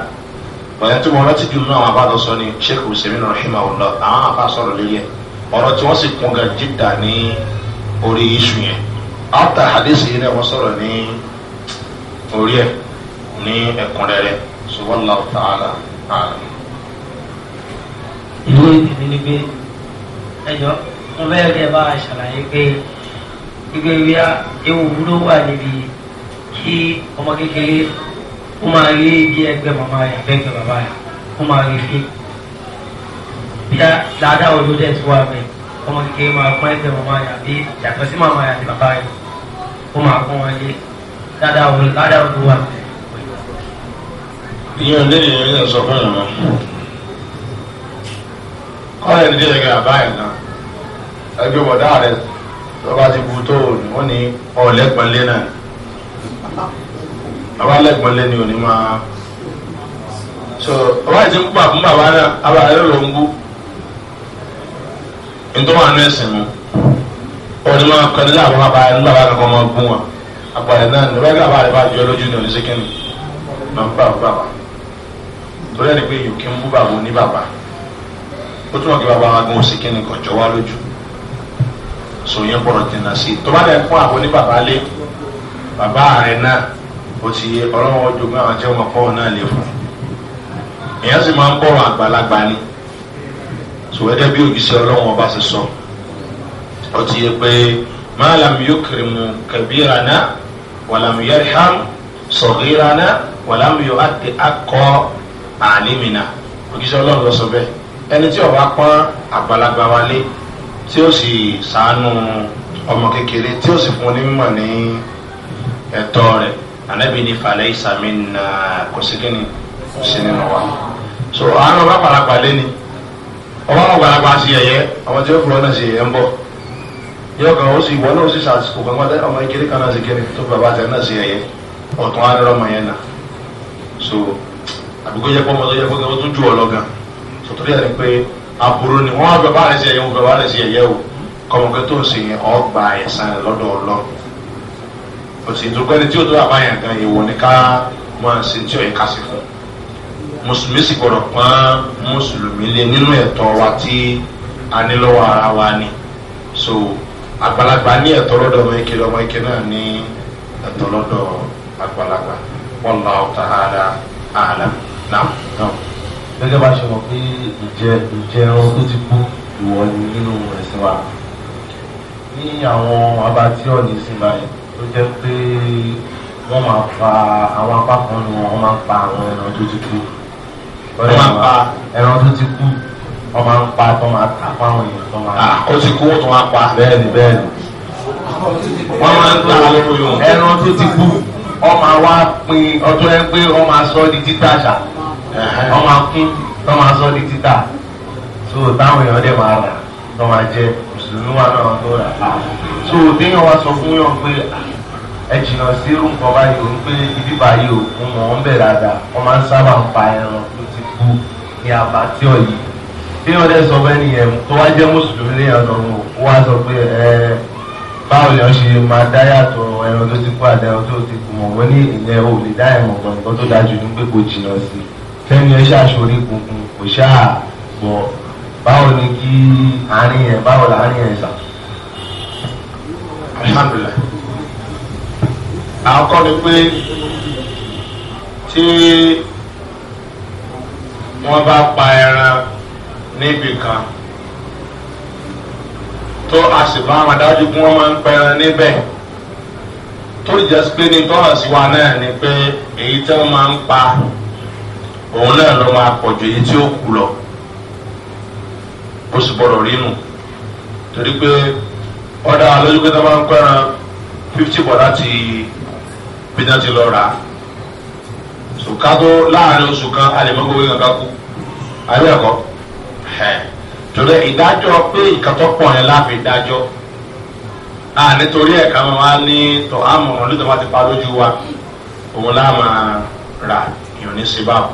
Speaker 2: wọ́n ti wọ́n láti dùn náà àwọn afáàsọ̀ sọ ni sheikh hussein rahimah ọ̀lọ́ àwọn afáàsọ̀ lélẹ̀ ọ̀rọ̀ tí wọ́n sì kún gan jíjà ní orí iṣu yẹn. Ata hadith yìí náà wọ́n sọ̀rọ̀ ní orí ẹ̀ ní ẹ̀kúnrẹ́rẹ́ ṣùgbọ́n lọ́wọ́ tààlà ààrẹ.
Speaker 3: ìwé ìdílé ni pé ẹjọ́ mo bẹ́ẹ̀ kẹ́ bá a ṣàlàyé pé gbígbé wíyá ewu wúlò wà níbi kí ọmọ kékeré ó máa rí igi ẹgbẹ́ màmá rẹ̀ ẹgbẹ́ bàbá rẹ̀ ó máa rí fi bíyá dáadáa olóde ẹ̀ tó wà bẹ́ẹ̀ ọmọ kékeré máa pọ́n ẹgbẹ́ màmá rẹ̀ àbí yàtọ̀ sí màmá rẹ̀ àti bàbá rẹ̀ kó máa fún wọn lé dáadáa wò ládàá tó wà.
Speaker 2: ìyẹn lè yẹn ní sọ fún ìrànwọ́ kọ́lẹ̀ ní díẹ̀ gẹ́gẹ́ àbáyọ̀ náà ẹgbẹ́ bọ̀dá rẹ̀ lọ́ba ti bu tó wọ́n ní ọ̀lẹ́gbọ̀nlé náà bàbá lẹ́gbọ̀nlé ni òní máa so bàbá ìdí ń pa fún bàbá náà abàlẹ́ ló ń bú ntọ́wọ́n àná ẹ̀sìn mu wọn ni máa kan nílé àwọn bàbá rẹ bàbá kankan máa gún wa àgbàdo náà ní wáyé bàbá rẹ bá yọ lójú ní oníṣẹ́kẹ́ni máa ń bá wọn bàbá torí ẹni pé yòókì ń bú bàbá ní bàbá ó túnmọ̀ kí bàbá wọn gún oníṣẹ́kẹ́ni kan jọ wá lójú sòyìn bọ̀rọ̀ jìnnà sí tó bá dẹ̀ fún àwọn oníbàbá lé bàbá rẹ náà ó ti yẹ ọlọ́wọ́ ojogun àwọn ó ti yẹ pé maalam yukrimu kabirana walam yarham sọ̀gírana walam yóò àti akọ àlímìnà òjíṣẹ́ ọlọ́run lọ sọ bẹ́ẹ̀ ẹni tí ọba pọ́n àgbàlagbà wálé tí ó sì sàánú ọmọ kékeré tí ó sì fún onímọ̀ ní ẹ̀tọ́ rẹ̀ anabi ni falẹ isamin na kosigini kosini na wa so àwọn ọba parapalẹ ni ọba wọn gbalagba si yẹyẹ ọmọ tí ó fún ọ náà si yẹyẹ ń bọ yóò kàn ó sì wọ́n náà ó sì sàkókò kan pátá ọmọ ìkéré kan náà sì kéré tó bàbá àtẹ náà sí ẹyẹ ọ̀tún arẹ́rọ̀ ọmọ yẹn náà so àbíkó jẹ́ pọ́ ọmọ tó jẹ́ pé ó tún ju ọlọ́gàn sọtúrí ẹni pé aburú ni wọ́n á bàbá rẹ̀ sí ẹyẹ wọ́n bàbá rẹ̀ sí ẹyẹ o kọ́mọkẹ́ tó ń sìn yẹn ọgbà ẹ̀sán lọ́dọ̀ ọlọ́ òsì ìdúgbẹ́ni tí ó tó bàbá ni ká máa ṣe tí ò yẹ ká ṣe fún mùsùlùmí sì gbọdọ̀ pọ́n mùsùlùmí lé nínú ẹ̀tọ́ wa ara wa so àgbàlagbà ní ẹ̀tọ́ lọ́dọ̀ ọmọ ike lọ́mọ ike náà ní ẹ̀tọ́ lọ́dọ̀ àgbàlagbà wallahu ta'ala a'lam náà náà.
Speaker 4: gẹ́gẹ́ bá a ṣe mọ̀ pé ìjẹ ìjẹ ẹran tó ti kú ìwọ ni nínú ẹ̀sìn wa ní àwọn abatíọ̀ ní sinba yìí tó jẹ́ pé wọ́n máa
Speaker 2: fa àwọn apá kan ni wọ́n máa pa àwọn ẹran tó ti kú. wọ́n máa pa ẹran tó ti kú wọ́n máa ń pa tó máa ta fáwọn èèyàn tó máa. ó ti kú tó máa pa. bẹ́ẹ̀ni bẹ́ẹ̀ni. wọ́n máa ń ta ẹran tó ti kú wọ́n máa wá pin ọjọ́ ẹ pé wọ́n máa sọ di títà ṣá wọ́n máa kún tó máa sọ di títà so táwọn èèyàn dẹ̀ máa rà tó máa jẹ mùsùlùmí wa náà tó rà á so téèyàn wá sọ fún yàn pé ẹ jìnnà sí irú nǹkan báyìí òun pé ibi báyìí òkun wọn ń bẹ̀ dáadáa wọ́n máa ń sábà ń pa ẹran tó ti kú ní abatí ọ̀yìn tí wọ́n dẹ̀ sọ bẹ́ẹ̀ nìyẹn tó wá jẹ́ mùsùlùmí ní ọ̀nà òun wá sọ pé ẹ báwo ni wọ́n ṣe máa dá yàtọ̀ ẹran tó ti kú àdá ẹran tó ti kù mọ̀ wọ́n ní ìyẹn ò lè dá ẹ̀wọ̀n kan nǹkan tó dájú ní pé kò jìnnà sí i fẹ́mi ẹ ṣàṣorí kunkun kò ṣáà bọ̀ báwo ni kí àárín yẹn báwo làárín yẹn sà. alhamdulilah ni pé tí wọ́n bá pa ẹran níbi kan tó a sì bá wọn dájú pé wọn máa ń pẹran níbẹ̀ tó jẹ́ pé ní tọ́hàn sí wa náà ni pé èyí tí wọ́n máa ń pa òun náà ló máa pọ̀ ju èyí tí ó kù lọ ó sì gbọ́dọ̀ rí nù torí pé ọ̀dà lójú pé tó máa ń pẹran fifty bọ̀dá ti bí náà ti lọ rà á sùkátó láàrin oṣù kan a lè mọ́ gbogbo kankan kú ayé ẹ̀kọ́ torí ìdájọ́ pé ìkàtọ́pọ̀ yẹn láfi dájọ́ a nítorí ẹ̀ka máa ní tọ́ àmọ̀ olùdó máa ti pa lójú wa òun láà máa rà èèyàn ní síbáwò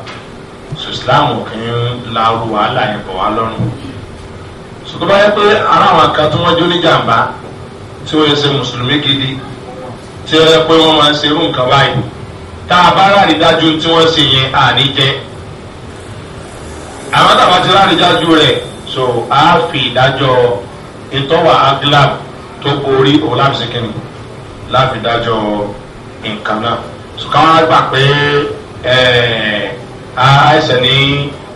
Speaker 2: sọ islam kì í laru wàhálà yẹn bọ̀ wá lọ́rùn sọtọ́ báyẹn pé ara àwọn kan tí wọ́n jó ní jàǹbá tí wọ́n yẹ ṣe mùsùlùmí gidi tí wọ́n yẹ pé wọ́n máa ń ṣe irú nǹkan báyìí tá a bá rà ní dájú tí wọ́n ṣe yẹn àní àwọn táwọn ti láti dájú rẹ̀ so a fi ìdájọ́ ìtọ́wà aglab tó borí òun láti ṣe kíni láti dájọ́ nǹkan náà so káwọn gbà pé àìsàn eh, ní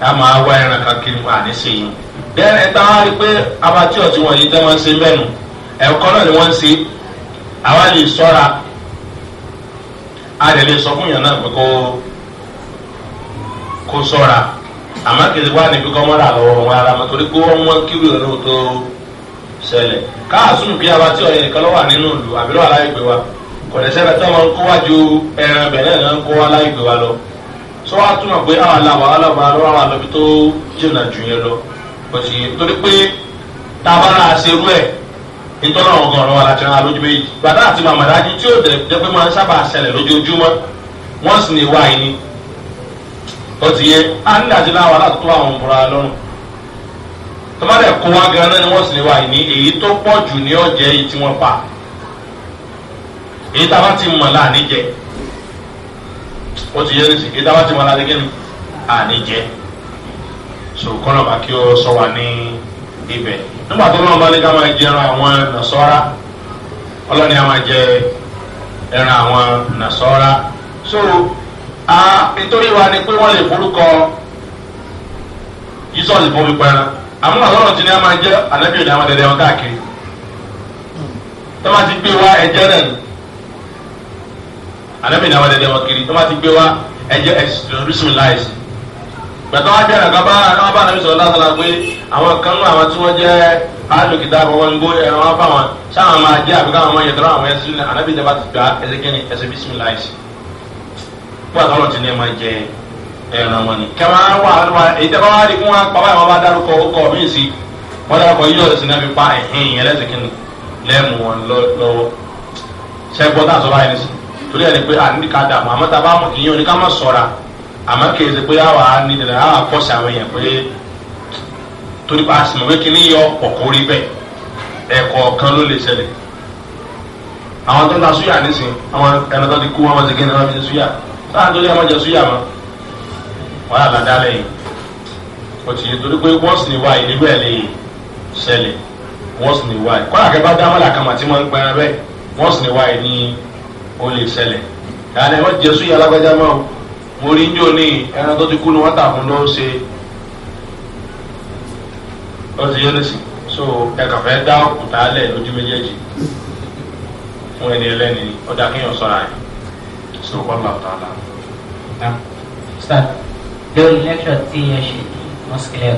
Speaker 2: a máa wá ẹran kan kiri fún àníṣe yìí bẹ́ẹ̀ táwọn rí pé abatí ọ̀tí wọ̀nyí tẹ́ wọ́n ṣe mẹ́nu ẹ̀kọ́ náà ni wọ́n ṣe àwa lè sọ́ra a lè lè sọ fún yàn náà pé kó sọ́ra àmọ́ kejì wà níbi kọ́ mọ́ra lọ́wọ́ wọn ara mọ́ torí kó wọ́n kírù ẹ̀ náà tó ṣẹlẹ̀ káàsùn bí abá tí ọ̀yẹ́ nìkan lọ́wọ́ nínú ìlú àbí lọ́wọ́ aláìgbé wa kọ̀dẹ̀sẹ́lẹ̀ tí wọ́n kó wájú ẹran bẹ̀rẹ̀ náà ń kó aláìgbé wa lọ sọ wá túmọ̀ pé àwọn aláwọ̀ aláwọ̀ aláwọ̀ alọ́bi tó jìnnà jù yẹn lọ òsì torí pé tabara aṣerú ẹ̀ nítorí àwọn ọgọ́rùn-ún wa láti rán lójú méjì bàtà àti màmàdájú tí ó dẹ̀ pé máa ń sábà ṣẹlẹ̀ lójoojúmọ́ wọ́n sì ní wáyé ni ọtí yẹ àńdà ti láwa láti tó àwọn ọmọ ara lọ́rùn tọ́mọdé kó wá gan náà ni wọ́n sì ní wá ní èyí tó pọ̀ jù ní ọ̀jẹ̀ yìí tí wọ́n pa èyí tá a bá ti mọ̀ láàní jẹ ó ti yẹ ní sìn èyí tá a bá ti mọ̀ láàní jẹ àní jẹ so kọ́nà bá kí ó sọ wá ní ibẹ̀ nígbà tó náà bá ní ká máa jẹ ẹran àwọn nàṣọ́ra ọlọ́ni á máa jẹ ẹran àwọn nàṣọ́ra so a ah, nítorí wa ni pé wọ́n lè forúkọ jesus bomi pẹ́ran àmúhà lọ́rọ̀ tí ni a máa jẹ́ ànábì òní àwọn dẹ̀dẹ̀ wọn káàkiri tó máa ti gbé wa ẹ̀jẹ̀ náà ni ànábì òní àwọn dẹ̀dẹ̀ wọn kiri tó máa ti gbé wa ẹ̀jẹ̀ ẹ̀sìn láìsí gbẹ̀tọ́ wá bẹ̀rẹ̀ kan bá àwọn bá ànábì sọ̀rọ̀ lásán la pé àwọn kan náà àwọn tí wọ́n jẹ́ alùkìtà àbọ̀wọ́n gbó ẹ̀rọ wọn bá wọn sáwọn máa jẹ́ àbíká àwọn ọmọ yẹtọ́rọ àwọn ẹ̀sìn ànábì ìjọba ti gbà ẹ̀sìn kí ni ẹ̀sìn bísí láìsí fún àtọ́lọ́ ti ní ẹ máa jẹ ẹran wọn ni. kẹmà wà wà ìjọba wa di fún wa pàmò àwọn bá dárúkọ ọkọ mi sí wọn dárúkọ yíyọ sí náà fi pa ẹhìn ìyẹn lẹsẹ kí lẹmu wọn lọwọ sẹgbọn tá a sọ báyìí nísì torí ẹni pé àní ká dà mọ àmọ tá a bá mọ kì í yín oníkà má sọra àmọ kì í ṣe pé àwa nílẹ àwa kọsí àwọn èèyàn pé torí pa àsìmọ̀ pé kí ní yọ ọ̀kọ́ rí bẹ́ẹ̀ ẹ̀kọ́ kan ló lè ṣẹlẹ̀ àwọn tó ń ta súyà nísìnyí àwọn ẹran tó ti kú wọn ti gé ní wọn súyà sáà nítorí ọmọ jẹ súyà mọ wàhálà ládàá lẹ́yìn òtí torí pé once in a while irú ẹ̀ lè ṣẹlẹ̀ once in a while kọ́ àkẹ́bá dá wàhálà kan àti wọ́n ń pẹ́ran bẹ́ẹ̀ once in a while ni ó lè ṣẹlẹ̀ yàrá ẹ̀ wọ́n jẹ súyà alágbájá mọ́ mo rí njó ní ẹran tó ti kú ni wọ́n tà fún lọ́wọ́ ṣe ó ti yé lẹ́sìn so ẹ̀kọ́ fẹ́ dá òkúta lẹ̀ lójú méjèèjì fún ẹni ẹlẹ́ni ọ̀dà kéèyàn sọ̀rọ̀ àyè so
Speaker 4: wallah ta'ala نعم استاذ lórí lẹ́kṣọ̀ tí ẹ ṣe ní mọ́síkìlẹ̀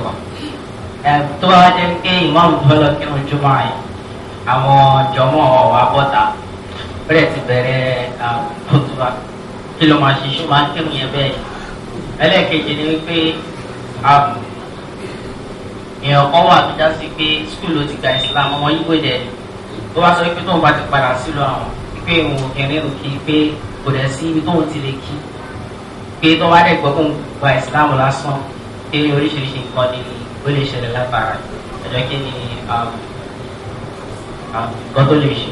Speaker 4: kan tó bá jẹ́ pé ìmọ̀mù tó lọ kí wọ́n jọmọ́ àyè àwọn jọmọ́ ọ̀wá bọ́ta bẹ́ẹ̀ ti bẹ̀rẹ̀ kótóbá kí ló máa ṣe ṣó máa ń kírun yẹn bẹ́ẹ̀ ẹlẹ́ẹ̀kejì ni wípé èèyàn kan wà tó já sí pé skul ó ti gba islam ọmọ yíbo dẹ̀ tó wá sọ pé tóun bá ti padà sílùú àwọn pé òun kẹrin òkè pé kò dẹ̀ sí ibi tóun ti lè kí pé tó wá dẹ̀ gbọ́kùn gba ìsìláàmù lásán pé oríṣiríṣi nǹkan ni ó lè ṣẹlẹ̀ látara ẹ̀jọ́ kí ni um, um, nǹkan tó lè ṣe.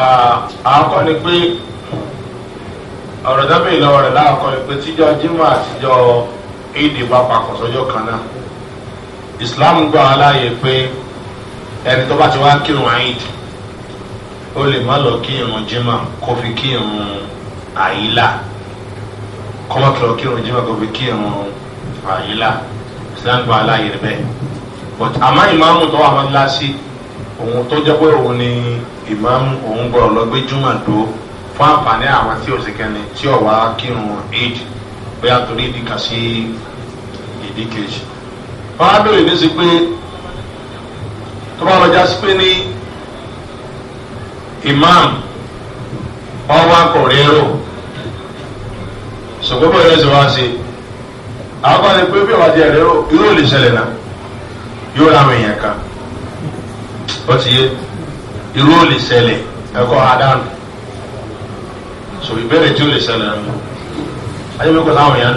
Speaker 4: Ah, àkọ́ ni pé
Speaker 2: ọ̀rọ̀ dábìlì lọ́wọ́ rẹ̀ láàkọ́ ni pé tíjọ́ jimá àtijọ́ éèdè bá papọ̀ sọ́jọ́ kan náà islam gbọ́ aláàyè pé ẹni tó bá ti wá kírun àyíǹdì ó lè má lọ kí irun jimá kó fi kí irun àyílà kó má lọ kí irun jimá kó fi kí irun àyílà islam gba aláyè rẹ bẹ́ẹ̀ but àmọ́ ìmáàmù tó wà mọ́tíláṣí òun tó jẹ́ pé òun ni ìmáàmù òun gbọ́dọ̀ lọ gbé jùmọ̀ dúró fún àǹfààní àwọn tí òsèkẹ́ni tí ò wá kírun aid bóyá torí ìdíkà sí ìdí kejì. fáwọn abẹ́rẹ́ ní sí pé tó bá lọ já pé ní imam ọwọ́ akọ̀rẹ́ rò sọ̀kọ́bọ̀ yẹn ṣe wá sí àwọn àti pé bí ọ̀wádìí ẹ̀rẹ́ rò yóò lè ṣẹlẹ̀ náà yóò láwọn èèyàn kan ó ti yé irú ò lè ṣẹlẹ̀ ẹ̀kọ́ adánù sọ ìbéèrè tí ó lè ṣẹlẹ̀ náà ayé mi kò láwọn lò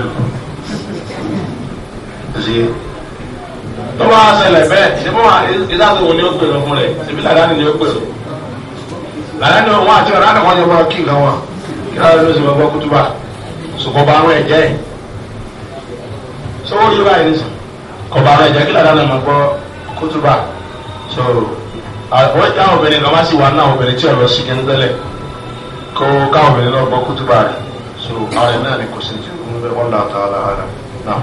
Speaker 2: tó bá ṣẹlẹ̀ bẹ́ẹ̀ ṣé bó wà ìdájọ́ wo ni ó pè lọ fún rẹ̀ ṣèbí ládàá ni ó pè lọ làyẹn náà wọn àti ọ̀rẹ́ àdàkọ́ yẹn wọn kí nǹkan wọn kíra ló sì máa gbọ́ kútúbà sọkọba àwọn ẹ̀jẹ̀ yìí sọwọ́ yóò báyìí nísìn kọba àwọn ẹ̀jẹ̀ kíláà dáná máa gbọ́ kútúbà so àwọn ìjà àwọn obìnrin kan bá sì wà ní àwọn obìnrin tí ọ̀rọ̀ sí kí ń kó káwọn obìnrin náà gbọ́ kútúbà rẹ̀ so àwọn ẹ̀ náà ni kò sí ti ń bẹ́ wọ́n láta ara náà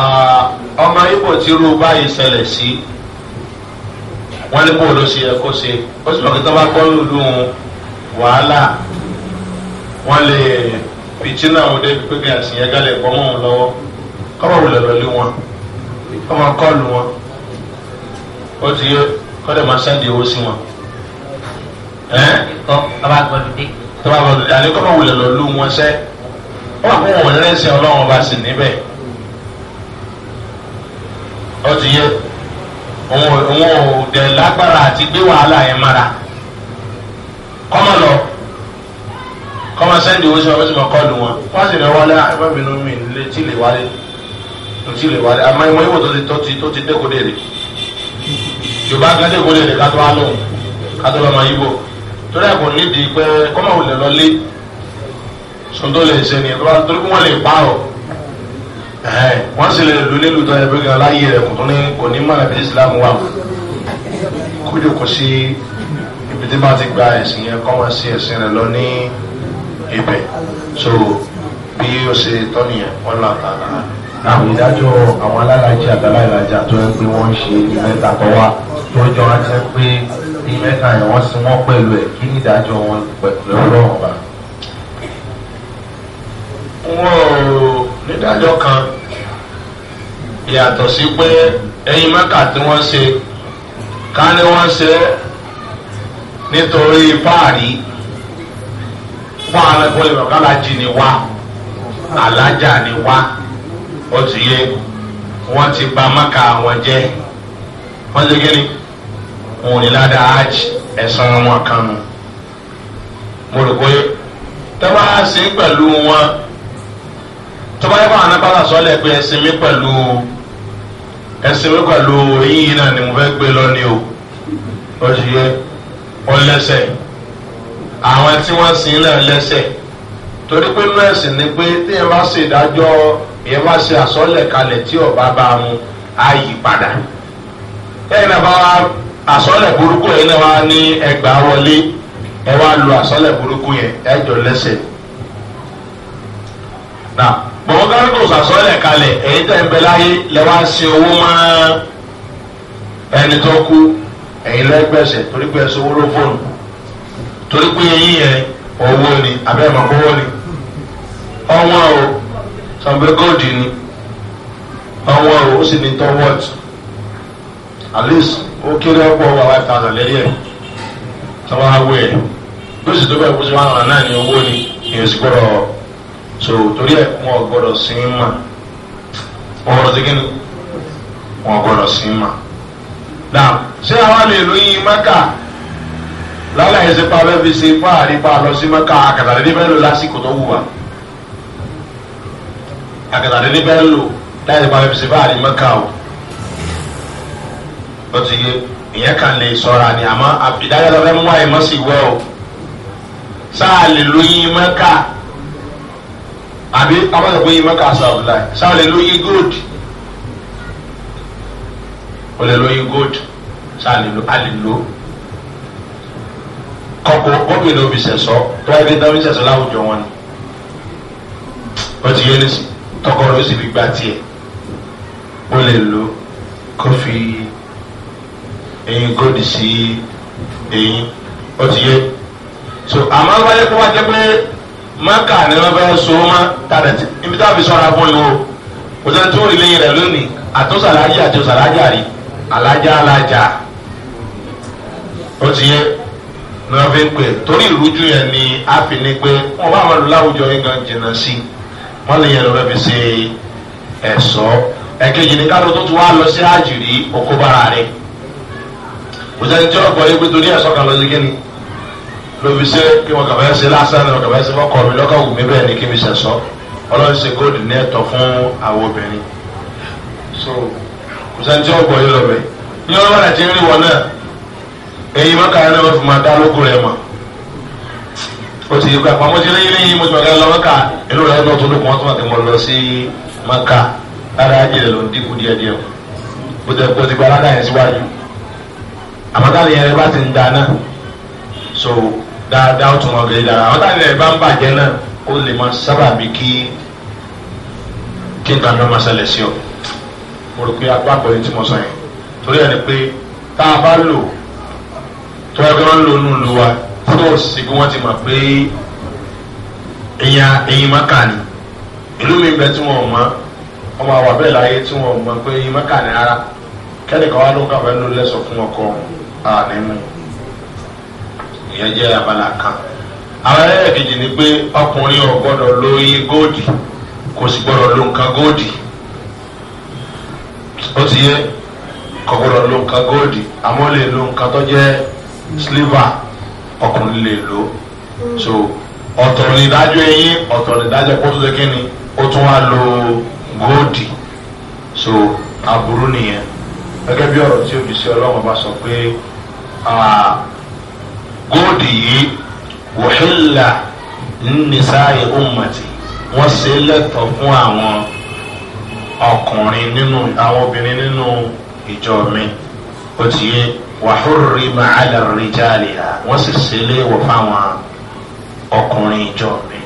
Speaker 2: ah, ọmọ ibo tí irú báyìí ṣẹlẹ̀ sí wọ́n lé bóòlù ṣe ẹ̀kọ́ ṣe ó sì mọ̀ pé tó bá kọ́ lùlù wàhálà wọ́n lè pìtínà àwọn débi pé kí àṣìyàn gálẹ̀ bọ́ mọ́ wọn lọ́wọ́ kọ́mọ̀ wulẹ̀ lọ́lé wọn kọ́mọ kọ́ọ̀lù wọn ó ti yẹ kọ́dẹ̀ máa ṣáàdì owó sí wọn.
Speaker 4: tọ́ba gbọ́dọ̀ dé.
Speaker 2: tọ́ba gbọ́dọ̀ dé àní kọ́mọ̀ wulẹ̀ lọ́lú wọn sẹ́ wọ́n wọn lẹ́sìn ọlọ́run ọba sì níbẹ̀ ó ti yẹ òun ò dẹ̀ lágbára àti gbé wàhálà yẹn mara kọ́mọ lọ kọ́mọ sẹ́ndì owó sí wọn fẹ́sùn kọ́ọ̀lù wọn wọ́n sì rẹ̀ wálé àìmọ́bìnú ah, mi lè tí lè wálé tí lè wálé àmọ́ ìmọ̀ ìwò tó ti tó ti dẹ́kọ̀dé rè yorùbá kan dẹ́kọ̀dé rè kátó alóhùn kátó lọ́mọ yíbo torí ẹ̀kọ́ nídìí pé kọ́mọ ò lè lọ lé sọ́ńtò lè ṣe ni ẹ̀ tó bá torí kí wọ́n lè pààrọ̀ wọ́n sì lè lu nílùú tó yẹ pé gan láyé rẹ̀ kò tó ní kò ní mọ̀nà bí islam wà kó jòkó sí ibi tí bá ti gba ẹ̀sìn yẹn kọ́ wọn sí ẹ̀sìn rẹ̀ lọ ní ibẹ̀ so bí ó ṣe tọ́ nìyẹn wọ́n là tààrà. àwọn ìdájọ́ àwọn alálàájì àtàláìlájà tó ń pín wọ́n ṣe ní mẹ́ta tó wá tó jọ
Speaker 3: wá jẹ́ pé ní
Speaker 4: mẹ́ta yẹn wọ́n sin wọ́n pẹ̀lú ẹ̀ kí ní ìdájọ́
Speaker 1: wọn pẹ̀lú ọlọ́run bá
Speaker 2: ìdájọ́ kan yàtọ̀ sí pé ẹyin mẹ́kà tí wọ́n ṣe ká ní wọ́n ṣe nítorí fáàrí wọn alẹ́kọ̀ọ́ lè bàbá alájì ni wá alájà ni wá ó ti yé wọ́n ti ba mẹ́kà wọn jẹ́ wọ́n ṣe kíni wọn ò ní ládàá hajj ẹ̀sán wọn kan nù mo rò pé tẹ́wọ́n á ṣe pẹ̀lú wọn tọ́ba yẹ kó àwọn anábàlà sọ́lẹ̀ pé ẹ̀sìn mi pẹ̀lú ẹ̀sìn mi pẹ̀lú eyín náà ni mo fẹ́ gbé lọ ní o lọ́sí yẹ wọ́n lẹ́sẹ̀ àwọn tí wọ́n sin náà lẹ́sẹ̀ torí pé nínú ẹ̀sìn ni pé tí ẹ bá ṣe ìdájọ́ ẹ bá ṣe àsọ́lẹ̀ kalẹ̀ tí ọba bá mu á yí padà lẹ́yìn náà bá àsọ́lẹ̀ burúkú yẹn náà wá ní ẹgbàá wọlé ẹ wá lu àsọ́lẹ̀ burúkú yẹn ẹ jọ lẹ́sẹ̀ náà. bọ̀wọ́ gánàkùn sàsọ́lẹ̀ kalẹ̀ èyí tẹ̀ ń owó mọ́ ẹni tó kú ẹ̀yin torí owó ló fóònù torí pé eyín owó ni abẹ́rẹ́ owó ni o sọ̀bẹ́ góòdì ni ọwọ́n o ó sì ní tọ́ wọ́ọ̀tì at least ó kéré lẹ́yìn ẹ̀ tọ́wọ́ awé ẹ̀ bí ó sì tó bẹ́ẹ̀ kó owó ni so torí ẹ̀ wọn gbọ́dọ̀ sí í mà wọn gbọ́dọ̀ sí kí ni wọn gbọ́dọ̀ sí í mà náà ṣé àwọn lè lóyún mẹ́kà lálẹ́ ẹ̀sìn pa abẹ́ fi ṣe fáàrí pa lọ sí mẹ́kà àkàtàdé ní bẹ́ẹ̀ lò lásìkò tó wù wá àkàtàdé ní lò láti pa abẹ́ fi ṣe fáàrí mẹ́kà o ó ti yé ìyẹn kan lè sọra ni àmọ́ àbídájọ́ lọ́fẹ́ mú àyè mọ́ sí wẹ́ o sáà lè lóyún mẹ́kà àbí àwọn ìgbóyè mẹ́ka àṣà abdullahi sáwọlẹ̀ lóye gold ọlẹ̀ lóye gold sáwọlẹ̀ alìló kọ́kọ́ gómìnà òbí sẹ̀sọ́ private dáwọ́ sẹ̀sọ́ láwùjọ wọn ni wọ́n ti yé ní tọkọ rẹ̀ ó sì fi gba tiẹ̀ ó lè lo kófì eyín gold sí eyín ó ti yé so àmọ́ wáyé kó wá jẹ́ pé maka ni wọn fẹ́ so ma tàdẹ̀tì ibi tá a fi sọ̀rọ̀ fún yìí o kò sẹ́ni tó rí lẹ́yìn rẹ̀ lónìí àtúnṣe alájà àti oṣù alájà rí alájà alájà ó ti yẹ ni wọn fi ń pè torí ìrújú yẹn ni a fi ní pé wọn bá àwọn láwùjọ yìí gan jìnnà sí wọn lè yẹn lọ́wọ́ fi ṣe ẹ̀sọ́ ẹ̀kejì ní káló tó tún wá lọ sí àjùrí okó bára rẹ̀ kò sẹ́ni tí wọ́n yẹ pé torí ẹ̀sọ́ kan lọ sí kíni lóbi ṣe kí wọn kàbẹ́ ṣe lásán lọ kàbẹ́ ṣe fọkọ mi lọ́kọ̀ wù mí ni kí mi ṣe sọ ọlọ́run ṣe góòdù ní ẹ̀tọ́ fún àwọn obìnrin
Speaker 1: so kò sẹ́ni tí
Speaker 2: wọ́n gbọ́ yóò lọ bẹ́ẹ̀ ní ọlọ́run náà ti ń rí wọn náà èyí mọ́ka yẹn náà wọ́n fi máa dá lóko rẹ̀ mọ́ o ti gba pamọ́ ti lẹ́yìn lẹ́yìn mo ti máa lọ mọ́ka ìlú rẹ̀ náà tó wọn tó máa ti mọ lọ sí mọ́ka lára ajẹ́ lọ dínkù díẹ̀díẹ̀ bó ti bó ti gba aládàá yẹn síwájú àmọ́tálẹ̀ yẹn bá ti ń dáná so dáadáa ó tún wọn gẹ̀ẹ́ dára àwọn táwọn ilẹ̀ bá ń bàjẹ́ náà ó lè máa sábà bí kí kí nǹkan kan máa ṣẹlẹ̀ sí ọ mo rò pé apá pẹ̀lú tí mo sọ yẹn torí ẹni pé tá a bá lò tó ẹgbẹ́ wọn lò nù lù wa tó sì bí wọ́n ti mọ̀ pé ìyá ẹ̀yin mọ́kà ni ìlú mi bẹ tí wọ́n mọ̀ ọmọ àwọn abẹ́rẹ́ láyé tí wọ́n mọ̀ pé ẹ̀yin mọ́kà ni ara kẹ́nìkan wá ló kàwé ló lẹ́sọ̀ fún ọkọ̀ àní mu. ìyẹn jẹ́ abala kan àwọn ẹlẹ́ẹ̀kejì ni pé ọkùnrin ò gbọ́dọ̀ lórí góòdì kò sì gbọ́dọ̀ lo nǹkan góòdì ó ti yẹ kò gbọ́dọ̀ lo nǹkan góòdì àmọ́ lè lo nǹkan tó jẹ́ sliver ọkùnrin lè so ọ̀tọ̀ ní ìdájọ́ ọ̀tọ̀ ní ìdájọ́ kó ó tún wá lo góòdì so aburú nìyẹn gẹ́gẹ́ bí ọ̀rọ̀ tí òbí sí ọlọ́run bá sọ pé. Ah, góòdì yìí wòhílà nnisáyé ummati wọ́n ṣe lẹ́tọ̀ fún àwọn ọkùnrin nínú àwọn obìnrin nínú ìjọ mi ó ti yé wàhúrì màálà rìjálìhà wọ́n sì ṣe léèwọ̀ fáwọn ọkùnrin ìjọ mi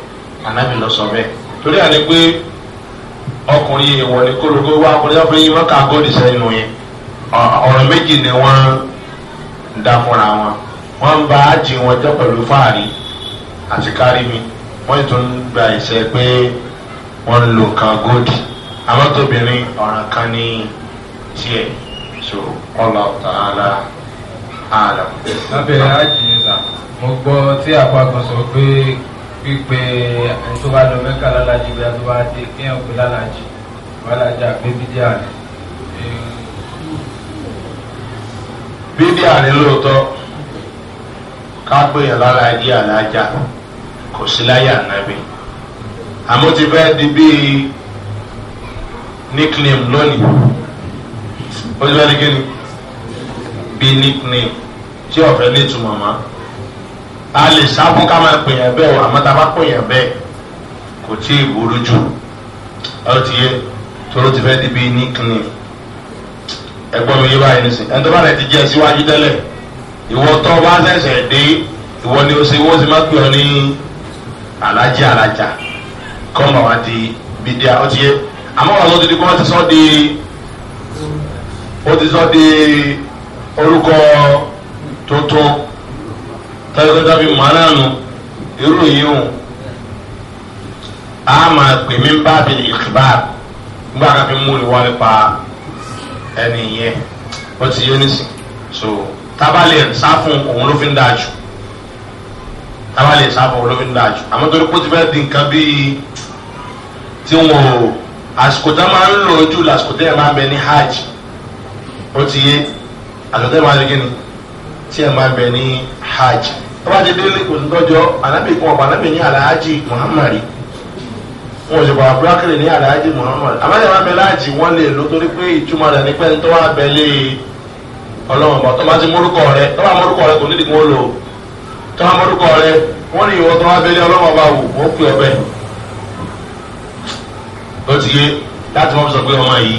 Speaker 2: anábì lọ sọ bẹ́ẹ̀ torí àná pé ọkùnrin ìwọ ni kólógó wá ọkùnrin ọkùnrin yìí wọ́n kà góòdì sẹ́nu yẹn ọ̀rọ̀ méjì ni wọ́n dá fúnra wọn wọ́n ń ba ájì wọn jẹ́ pẹ̀lú fáàrí àti kárìmí wọ́n tún ń gba ìṣe pé wọ́n ń lo kan góòdì àwọn tóbìnrin ọ̀ràn kan ní tiẹ̀ so ọlọ tààlà àlàm.
Speaker 4: lábẹ́ ájì yẹn sà mo gbọ́ tí àpapọ̀ sọ pé pípe ẹni tó bá lọ mẹ́ka lálàjì bí a tó bá dé kéèyàn pé lálàjì lálàjì àgbébídé àná. bíbí àná lóòótọ́ kápẹ́yìn lára ayé
Speaker 2: àlájá kò sí láyé ànábì àmọ́ ti fẹ́ di bíi nickname lónìí ó ti fẹ́ di kí ni bíi nickname tí ọ̀fẹ́ ní ìtumọ̀ mọ́ a lè sá fún ká máa pèyàn bẹ́ẹ̀ o àmọ́ tá a bá pèyàn bẹ́ẹ̀ kò tí ì burú jù ọ ti yé tóró ti fẹ́ di bíi nickname ẹ̀gbọ́n mi yé báyìí nísìnyí ẹni tó bá rẹ̀ ti jẹ́ síwájú tẹ́lẹ̀ ìwọ tó bá ṣẹ̀ṣẹ̀ dé ìwọ ni o ṣe wọ́n ti máa pè ọ́ ní alájà alájà kọ́ńbà wa di bìdíà ó ti yẹ àmọ́ wọn lọ́dún ní kí wọ́n ti sọ́ di ó ti sọ́ di orúkọ tuntun tọ́jú tó fi mọ́ náà nù irú yìí o a máa pè mí bá bi ìkìbá nígbà fi mú ìwà nípa ẹni yẹn ó ti yé nísìn so tábàlẹ̀ sá fún òun ló fi ń dáa jù tábàlẹ̀ sá fún òun ló fi ń dáa jù àmọ́ torí pé ó ti fẹ́ di nǹkan bíi tí wọn ò àsìkò tá máa ń lò jù lásìkò tẹ́ hajj ó ti yé àsìkò tẹ́ ẹ máa ni tí ẹ máa bẹ ní hajj tó bá ti délé kò sí tọ́jọ́ anábì kan alhaji muhammad wọn ò sì pàrọ̀ abúlákìlì ní alhaji muhammad àbájáde máa bẹ láàjì wọn lè lò torí pé ìtumọ̀ rẹ̀ ní pẹ́ni tó wà bẹ́lẹ̀ ọlọ́run bọ̀ tó bá ti mórúkọ rẹ tó bá mórúkọ rẹ kò nídìí kó lò tó bá mórúkọ rẹ wọ́n ní ìwọ tó wá bẹ́lẹ́ ọlọ́run bá wò ó pè ọbẹ̀ ó ti yé láti wọ́n sọ pé ọmọ yìí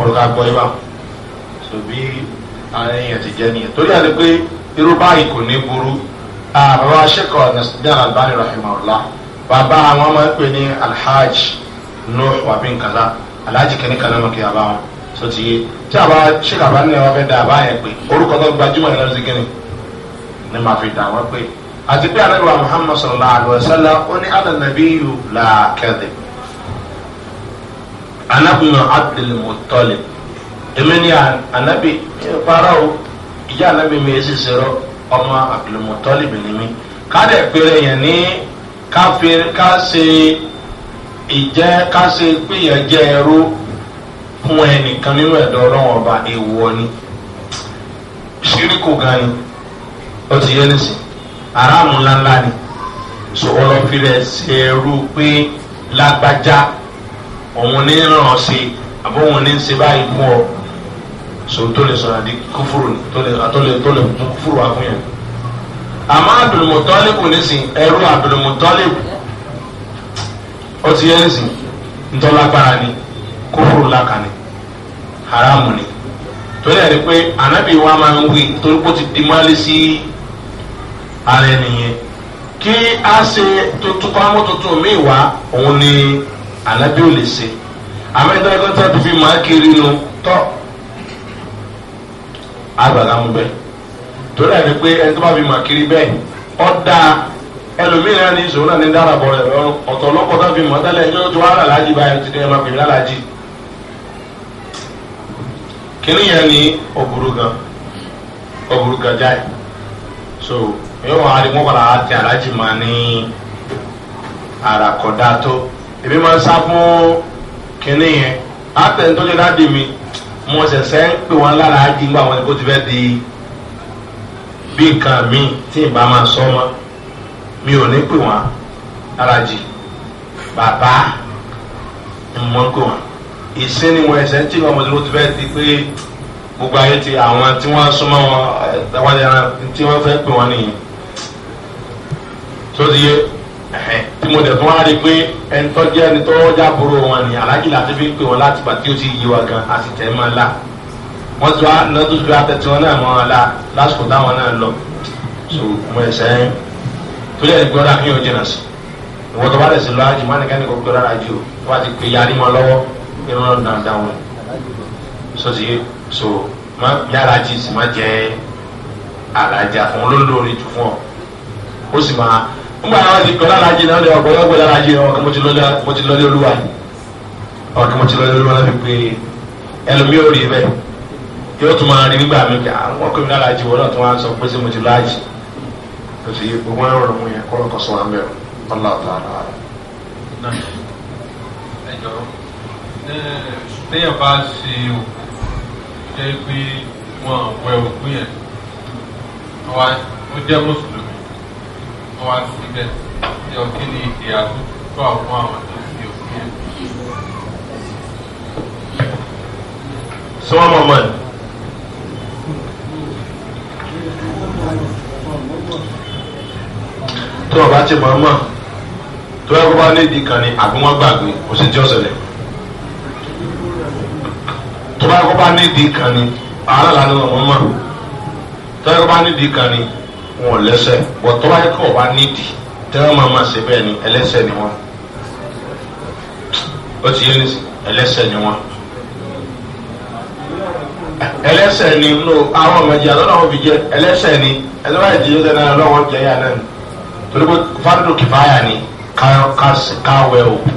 Speaker 2: ọ̀rọ̀ká gbọ́ yìí wà tó bí àwọn èèyàn ti jẹ́ nìyẹn torí àti pé irú báyìí kò ní burú àbáwá sẹ́kọ̀ nasdaq albani rahimahullah bàbá àwọn máa ń pè ní alhaj nuh wàbí alhaji kìnnìkan náà mọ̀ wọn tó ti yé tí a bá ṣe kàbá ní ẹwà fẹ́ da àbá yẹn pé orúkọ tó gbajúmọ̀ ní lọ́sí gíní ni màá fi dà wọ́n pé àti pé alẹ́ wa muhammad sallallahu alayhi wa sallam ó ní alànàbí yìí là kẹ́dẹ̀ anabuna abdulmutali èmi ni anabi fara o ìjà anabi mi èsì sẹ́rọ ọmọ abdulmutali mi ni mi ká dẹ̀ yẹn ní ká ṣe ìjẹ́ ká ṣe pé fún ẹnìkan nínú ẹ̀dọ́ ọlọ́run ọba èèwọ̀ ni ṣíríkù gan ni ó ti yẹ nísìn aráàmù ńláńlá ni so ọlọ́fíìlẹ̀ ṣe ẹrú pé lágbájá òun ní ràn ṣe àbóhun ní ṣe báyìí fún ọ so tó lè sọ̀rọ̀ àdí kúfúrú tó lè tó lè tó lè tún kúfúrú wá fún yẹn àmọ́ abdulmutalibu nísìn ẹrú abdulmutalibu ó ti yẹ nísìn ntọ́lágbára ni kófòrò lákàní haramu ni torí ẹni pé anabi wa máa ń wí torí kó ti di máàlì sí ara ẹni yẹn kí a ṣe tuntun kọ́mú tuntun míì wá òun ni anabi ò lè ṣe amẹ́tẹ́kọ́tà tó fi máa kiri nu tọ́ àgbàlá mu bẹ́ẹ̀ torí ẹni pé ẹni tó bá fi máa kiri bẹ́ẹ̀ ọ́ dáa ẹlòmíràn ní ìṣòro náà ní dára bọ̀ rẹ̀ lọ́rùn ọ̀tọ̀ ọlọ́kọ̀ọ́ta fi mọ̀ tẹ́lẹ̀ ẹjọ́ tó wà láàjì báyìí ti dẹ́ ẹ máa pè mí láàjì. kini yẹn ní gan jai so yóò wọn adi wọn kọ́ra àti alájì máa ní ara kọ́dá tó èmi máa ń sá fún kíní yẹn àtẹ̀ntọ́jú dáàdì mi mo ṣẹ̀ṣẹ̀ ń wọn ti di mi sọ mi o ní pe wọ́n ìsíniwọ̀n ẹ̀sẹ̀ ń tìwọ̀n mo ti fẹ́ di pé gbogbo ayé ti àwọn tí wọ́n súnmọ́ wọn àwọn ẹran tí wọ́n fẹ́ pè wọ́n nìyẹn tó ti yé tí mo dẹ̀ tó wá rí pé ẹni tó jẹ́ ẹni tó já boro wọn ni aláàjì láti fi ń pè wọn láti gbà tí ó ti yí wa gan a sì tẹ̀ máa la wọ́n ti wá lọ́dún tó wá tẹ̀tí wọn náà mọ́ wọn la lásìkò táwọn náà lọ so mo ẹ̀sẹ̀ tó jẹ́ ìgbọ́dọ̀ àfihàn jìnnà sí ìwọ́n tó bá rẹ̀ sí lọ́wọ́ àjùmọ́ nìkan ní kò gbọ́dọ̀ àjù wọ́n ti pè yarí wọn lọ́wọ́ irun náà dáadáa wọn sọsì so má yàrá jì sì má jẹ àlàjà fún olólórí jù fún ọ ó sì máa ńgbà àwọn ti kọ́ lálàjì náà ọ̀gbẹ́ ọ̀gbẹ́ lálàjì ọ̀kan mo ti lọ́lé olúwa ọ̀kan mo ti lọ́lé olúwa láti pé ẹlòmí ò rí bẹ́ẹ̀ yóò tún máa rí nígbà mi ah, kí àwọn ọkùnrin lálàjì wọn náà tún wá sọ pé sí mo ti láàjì lọ́sí gbogbo ẹ̀rọ ọ̀rọ̀ mu yẹn kọ́ lọ́kọ̀ sọ wá mẹ́rin ọ̀là ọ̀tá àlọ́ àlọ́
Speaker 1: téèyàn bá ṣe òkú jẹ́ pé wọ́n wẹ òkú yẹn ó jẹ́ mùsùlùmí wọ́n wá síbẹ̀ tí ọkí ní ìdí àtúntò àwọn àwọn tó fi òkú yẹn.
Speaker 2: sọ́wọ́n mọ̀mọ́ ẹ̀. tó o bá ti mọ̀ ọ́ mọ̀ tó ẹ kó bá lédi kan ni àbí wọ́n gbàgbé kò sí tí ó ṣẹlẹ̀ tó bá kó bá nídìí kan ni alála ni wọn mọ tó bá kó bá nídìí kan ni wọn lẹ́sẹ̀ bọ̀ tó bá kó bá nídìí tí wọn máa máa ṣe bẹ́ẹ̀ ni ẹlẹ́sẹ̀ ni wọn ó ti yé nísì ẹlẹ́sẹ̀ ni wọn ẹlẹ́sẹ̀ ni nínú àwọn ọmọ ìjìyà lọ́nà wọn fi jẹ ẹlẹ́sẹ̀ ni ẹlẹ́wàá ìjìyà lọ́nà wọn lọ́wọ́ jẹ yà náà torí pé fárúdù kìfáyà ni ká wẹ òkú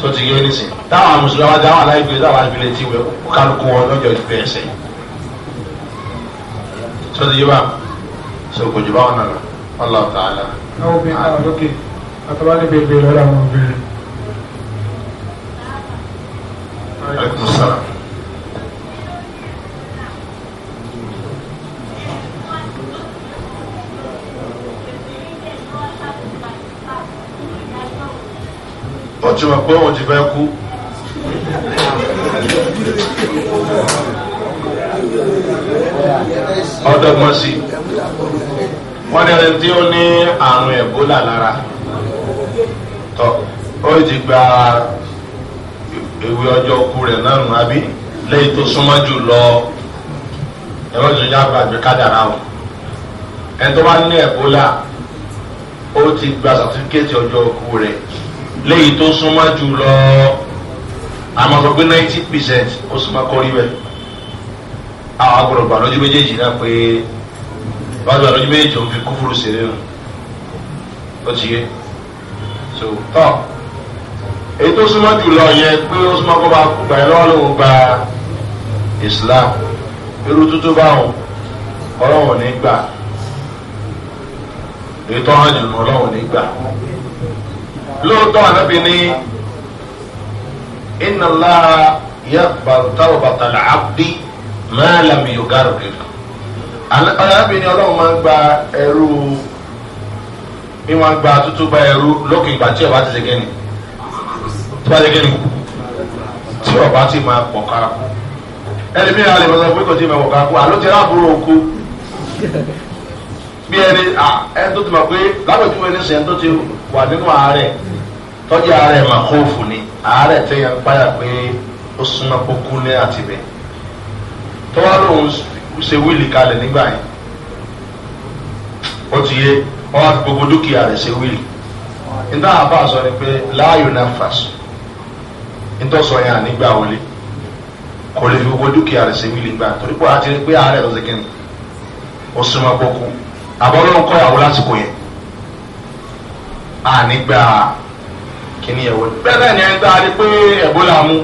Speaker 2: tó ti yé nísì táwọn mùsùlùmí àwọn aláìpẹ́ táwọn aláìpẹ́ ti wẹ̀ kálukú wọn lọ́jọ́ ìfẹ́ ẹsẹ̀ sọ́dọ̀ yìí bá sọ kò jù bá wọn nàlọ́ ọlọ́ tààlà.
Speaker 1: àwọn obìnrin náà lókè àtàwọn níbi ìbéèrè lọ́dọ̀ àwọn obìnrin. aleykum salaam.
Speaker 2: ọtí wọn pé wọn ti fẹ́ kú. ọdọgbọn sí wọn ní ẹni tí ó ní àrùn ẹ̀bólà lára tọ ó ti gba ìwé ọjọ́ òkú rẹ̀ náà nù abí lẹ́yìn tó súnmọ́ jù lọ ẹ̀rọ tó yá gbàgbé kádàrá o ẹni tó bá ní ẹ̀bólà ó ti gba sàtífíkẹ́tì ọjọ́ òkú rẹ̀ lẹ́yìn tó súnmọ́ jù lọ àmọ́ sọ pé ninety percent ó súnmọ́ kọ́rí bẹ́ẹ̀ àwọn agbọ̀dọ̀ gbà lójú méjèèjì náà pé wọ́n gbà lójú méjèèjì òun fi kúfúrú sí nínú ó ti yé so tọ́ èyí tó súnmọ́ jùlọ yẹn pé ó súnmọ́ kó bá gbà ẹ́ lọ́wọ́ lóun gba islam irú tuntun báwọn ọlọ́wọ̀n ní gbà ètò ọ̀hún jùlọ ọlọ́wọ̀n ní gbà lóòótọ́ ànábì ní iná lára yẹ bàtà bàtà làbdí mẹ́ẹ̀lẹ́mì yóò arábìnrin ọlọ́run máa ń gba ẹrú bí wọ́n gba tútù gba ẹrú lókè ìgbà tí ọba ti ṣe kẹ́ni tí ọba ti kẹ́ni tí ọba ti máa pọ̀ ká kú ẹni bí alẹ́ ìfọ̀sọ̀ pé kò tí ì máa pọ̀ ká kú àló ti ráàbúrò òkú bí ẹni ẹni tó ti mọ̀ pé lábẹ́jú ẹni sẹ́ ẹni tó ti wà nínú àárẹ̀ tọ́jú àárẹ̀ máa ni àárẹ̀ tẹ́yà ń páyà pé ó súnmọ́ kókó ní àtibẹ̀ tó wá lóun ṣe wíìlì kalẹ̀ nígbà yẹn ó ti yé wọn á fi gbogbo dúkìá rẹ̀ ṣe wíìlì nígbà àbá sọ ni pé láàyò náà fàṣọ nítòsọ yẹn ànígbà wọlé kò lè fi gbogbo dúkìá rẹ̀ ṣe wíìlì gbà torí pé àti pé àárẹ̀ lọ́sẹ̀ kìíní ó súnmọ́ pọ́kú àbọ̀lọ́run kọ́ ìyàwó lásìkò yẹn ànígbà kìíní ẹ̀wọ̀ bẹ́ẹ̀ náà ni ẹni tá a rí pé ẹ̀bólà mú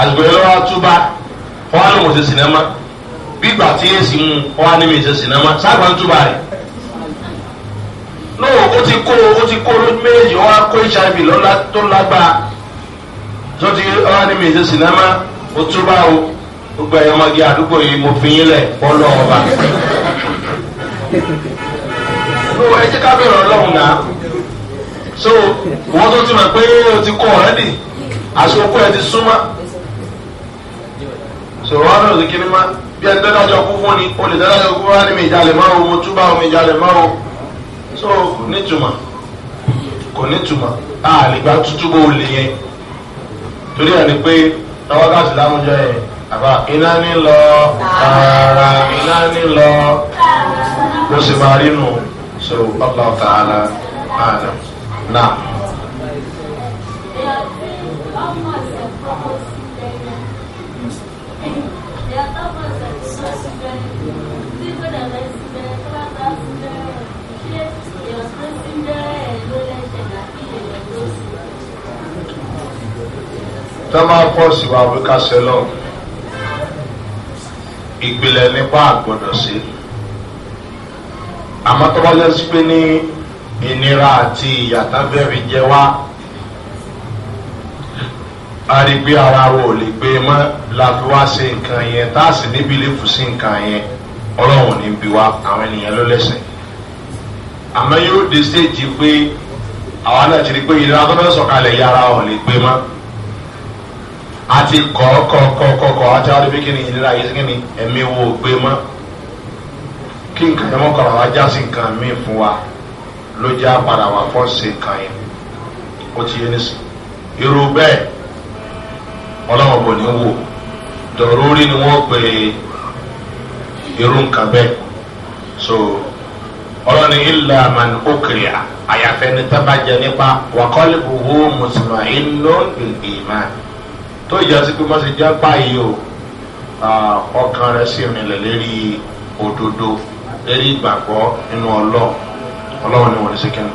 Speaker 2: àsìkò yẹn wọn á ní mo ṣe sinimá gbígbà tí yé sí mu wọn á ní mi ṣe sinimá sábà ń túbà rẹ̀ lóò ó ti kó ó ti kó lójú méjì wọn á kó hiv lọ́la tó lágbára tó ti wọn á ní mi ṣe sinimá ó túbà o gbogbo ẹ̀yọ́ ọmọge àdúgbò yìí mo fi yín lẹ̀ kọ́ lọ́wọ́ bá ẹ jẹ́ ká bẹ̀rẹ̀ ọlọ́run náà so wọ́n tó ti mọ̀ pé o ti kó ọ̀rẹ́dì àsokò ẹ ti súnmọ́ sọ̀rọ̀ náà lè kiri ma bí ẹ dádájọ kú fún ni o lè dádájọ kú wá ní mi ìjàlè máa wo mo túbà omi ìjàlè máa wo so kò ní tuma kò ní tuma a lè gba tútú bó lè yẹn torí ẹni pé tawákàtí láwùjọ yẹn àbá iná ní lọ tààrà iná ní lọ ló sì máa rí nù so ọlọ́ọ̀tà àlà àdàm náà. tó máa pọ̀ sí wa wí ká ṣe lọ ìpìlẹ̀ nípa àgbọ̀dọ̀ sí àmọ́ tó bá yẹn sí pé ní ìnira àti ìyàtá fẹ́ẹ́ fi jẹ wá a rí pé ara wo ò lè gbé e mọ́ la fi wá ṣe nǹkan yẹn tá a sì níbi lè fò sí nǹkan yẹn ọlọ́run ní bí wa àwọn ènìyàn ló lẹ́sìn àmọ́ yóò dé stéèjì pé àwa náà rí pé ìnira tó fẹ́ sọ̀kalẹ̀ yára ò lè gbé e mọ́ àti kọ̀ọ̀kọ̀ọ̀kọ̀ọ̀kọ̀ àti àwọn ibi kíni ìlera yìí kíni ẹ̀mí wo gbé mọ́ kí nǹkan yẹn mọ́kànlá wa já sí nǹkan míì fún wa ló já padà wà fọ́n ṣe nǹkan yẹn ó ti yé nísìn irú bẹ́ẹ̀ ọlọ́run kò ní wò dọ̀rọ̀rí ni wọ́n pè irú nǹkan bẹ́ẹ̀ so ọlọ́ni ilà man okria àyàfẹ́ ni tábàjẹ́ nípa wàkọ́lẹ̀ buhu mùsùlùmí ló ń gbègbè tó ìjà sí pé mọ́sẹ̀ jẹ́ báyìí o ọkàn rẹ̀ sì rìnlẹ̀ lérí òdodo lérí ìgbàgbọ́ nínú ọlọ́run ọlọ́run ni wọ́n ní síkẹ́ni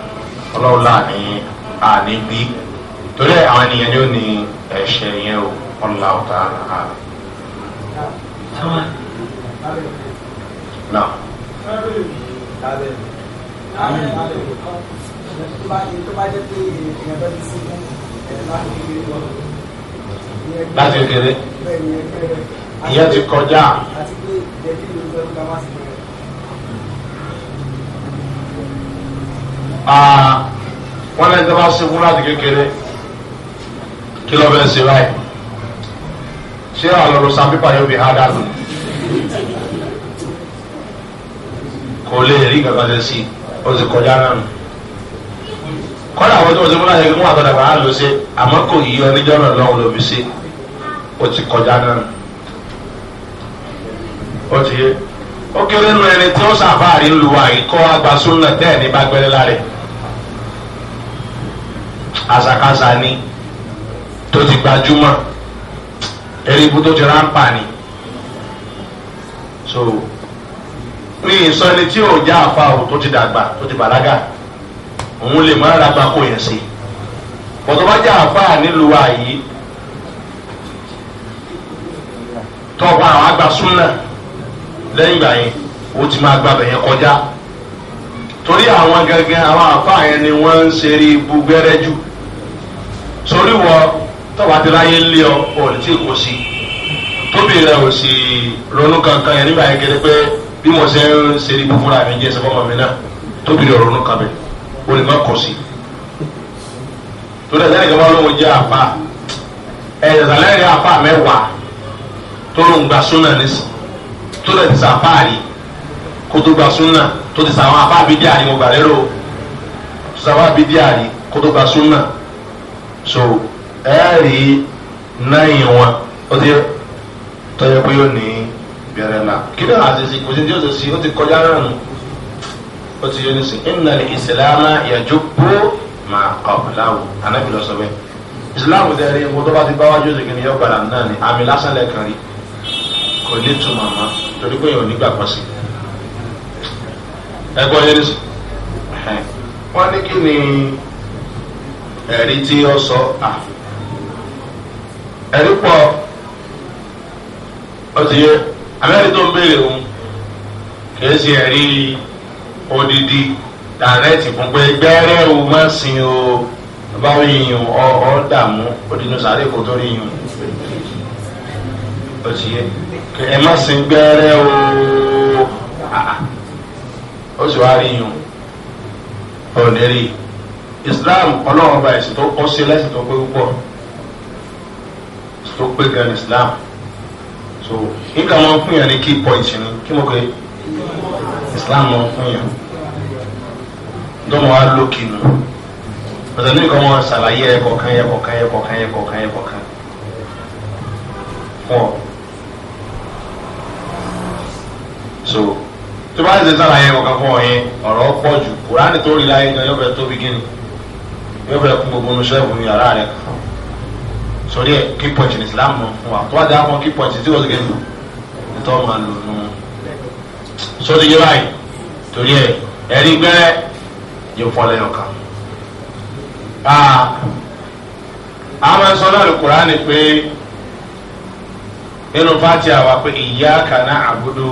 Speaker 2: ọlọ́run láàní àní bí torí àwọn ènìyàn ni ó ní ẹ̀ṣẹ̀ yẹn o ọ̀la ọ̀tá àná.
Speaker 1: Now.
Speaker 3: Thank you láti kékeré ìyẹn ti kọjá.
Speaker 2: wọ́n lẹ́yìn tó bá sekú láti kékeré kí ló fẹ́ ṣe báyìí ṣé àlọ́rọ̀ san pípa yóò fi há dànù kò lè rí gàgàdé sí i ó sì kọjá náà nù kọ́lá àwọn tó wọ́n ti múlá yẹ kí wọ́n àtọ̀dà bàá lò ṣe àmọ́ kò yí ọ níjọ́ náà lọ́wọ́ lóbi ṣe ó ti kọjá náà ó ti yé ó kéré nu ẹni tí ó sàfáàrí lu àyíkọ́ agbásùn náà tẹ́ ẹ̀ ní bá gbẹ́rẹ́ lárẹ̀ àṣàkáṣà ni tó ti gbajúmọ̀ eribu tó ti ráńpà ni so mi ìsọ ẹni tí ò já àfa ò tó ti dàgbà tó ti bàlágà òun lè má ra gbàgbó yẹn sí bọ̀dọ̀bájà àfáà nílùú àyè tọ́pa àwọn àgbà lẹ́yìn ìgbà yẹn ó ti máa gbàgbẹ́ yẹn kọjá torí àwọn gangan àwọn àfáà yẹn ni wọ́n ń ṣeré ibú gbẹ́rẹ́ jù sórí wọ tọ́ba ti láyé lé ọ òní tí kò sí tóbi rẹ ò sì ronú kankan yẹn nígbà yẹn gẹ́gẹ́ pé bí mo ṣe ń ṣeré ibú fúnra mi jẹ́ sọ́kọ́ mọ̀ mi náà tóbi rẹ ronú kan o lè má kọ̀ sí torí ẹ̀sán nìkan bá lóun jẹ́ àpá ẹ̀sán lẹ́yìn àpá mẹ́wàá tó lóun gba súnà nísìn tó lè ti sàpá rí kó tó gba súnà tó ti sàwọn àpá bídíà rí mo gbà lérò tó sàwọn bídíà rí kó tó gba súnà so ẹ̀ẹ́rì náyìn wọn ó ti tọ́jú pé yóò ní bẹ̀rẹ̀ la kí ló hàn àti sí kò sí ní tí sí ó ti kọjá náà nù ó ti yẹ ní sè innal ìsìlámà yajubbu ma qablahu anábì lọ sọ bẹ́ẹ̀ ìsìlámù tẹ rí owó tó bá ti bá wájú ìsìnkì ni yóò padà náà ni àmì lásán lẹ́ẹ̀kan rí kò ní tu màmá torí pé yóò nígbà pọ̀ sí ẹgbọ́n yẹ ní sè wọ́n ní kí ni ẹ̀rí tí ó sọ à ẹ̀rí pọ̀ ó ti yẹ amẹ́rin tó ń béèrè òun kì í ṣe ẹ̀rí odidi dàrẹ́tì fún pé gbẹ́rẹ́ o má sin o bá rí yìnyín ọ ọ dààmú odinu sáré kò tó rí yìnyín o ti yẹ ẹ má sin gbẹ́rẹ́ o ah, ah. ó sì wá rí yìnyín o ò ní islam ọlọ́run ọba ẹ̀sìn tó kọ́ sí ẹlẹ́sìn tó pé púpọ̀ tó pé gan islam so nǹkan máa ń fún yàn ní key point ni kí mo pe islam lọ fún yàn dọ́mọ nù pẹ̀lú ní nǹkan wọn ṣàlàyé ẹ̀kọ́ kan ẹ̀kọ́ kan ẹ̀kọ́ kan ẹ̀kọ́ kan ẹ̀kọ́ kan fún ọ. so tó bá ń ṣe ṣàlàyé ẹ̀kọ́ kan fún ọ yẹn ọ̀rọ̀ pọ̀ jù kùránì tó rí láyé gan yóò fẹ́ tóbi gíní yóò fẹ́ kún gbogbo oníṣẹ́ ìwé yàrá rẹ̀ kan sórí ẹ̀ kí pọ̀jù ní islam mọ̀ fún wa tó wá dé kí pọ̀jù tí wọ́n ti gẹ̀ sórí yìí báyìí torí ẹ ẹ̀rí gbẹ́rẹ́ yóò fọ́ lẹ́yìn ọ̀kan. àmọ́ sọ náà lùkùrá ni pé nínú pátí àwa pé ìyá kaná àbúdó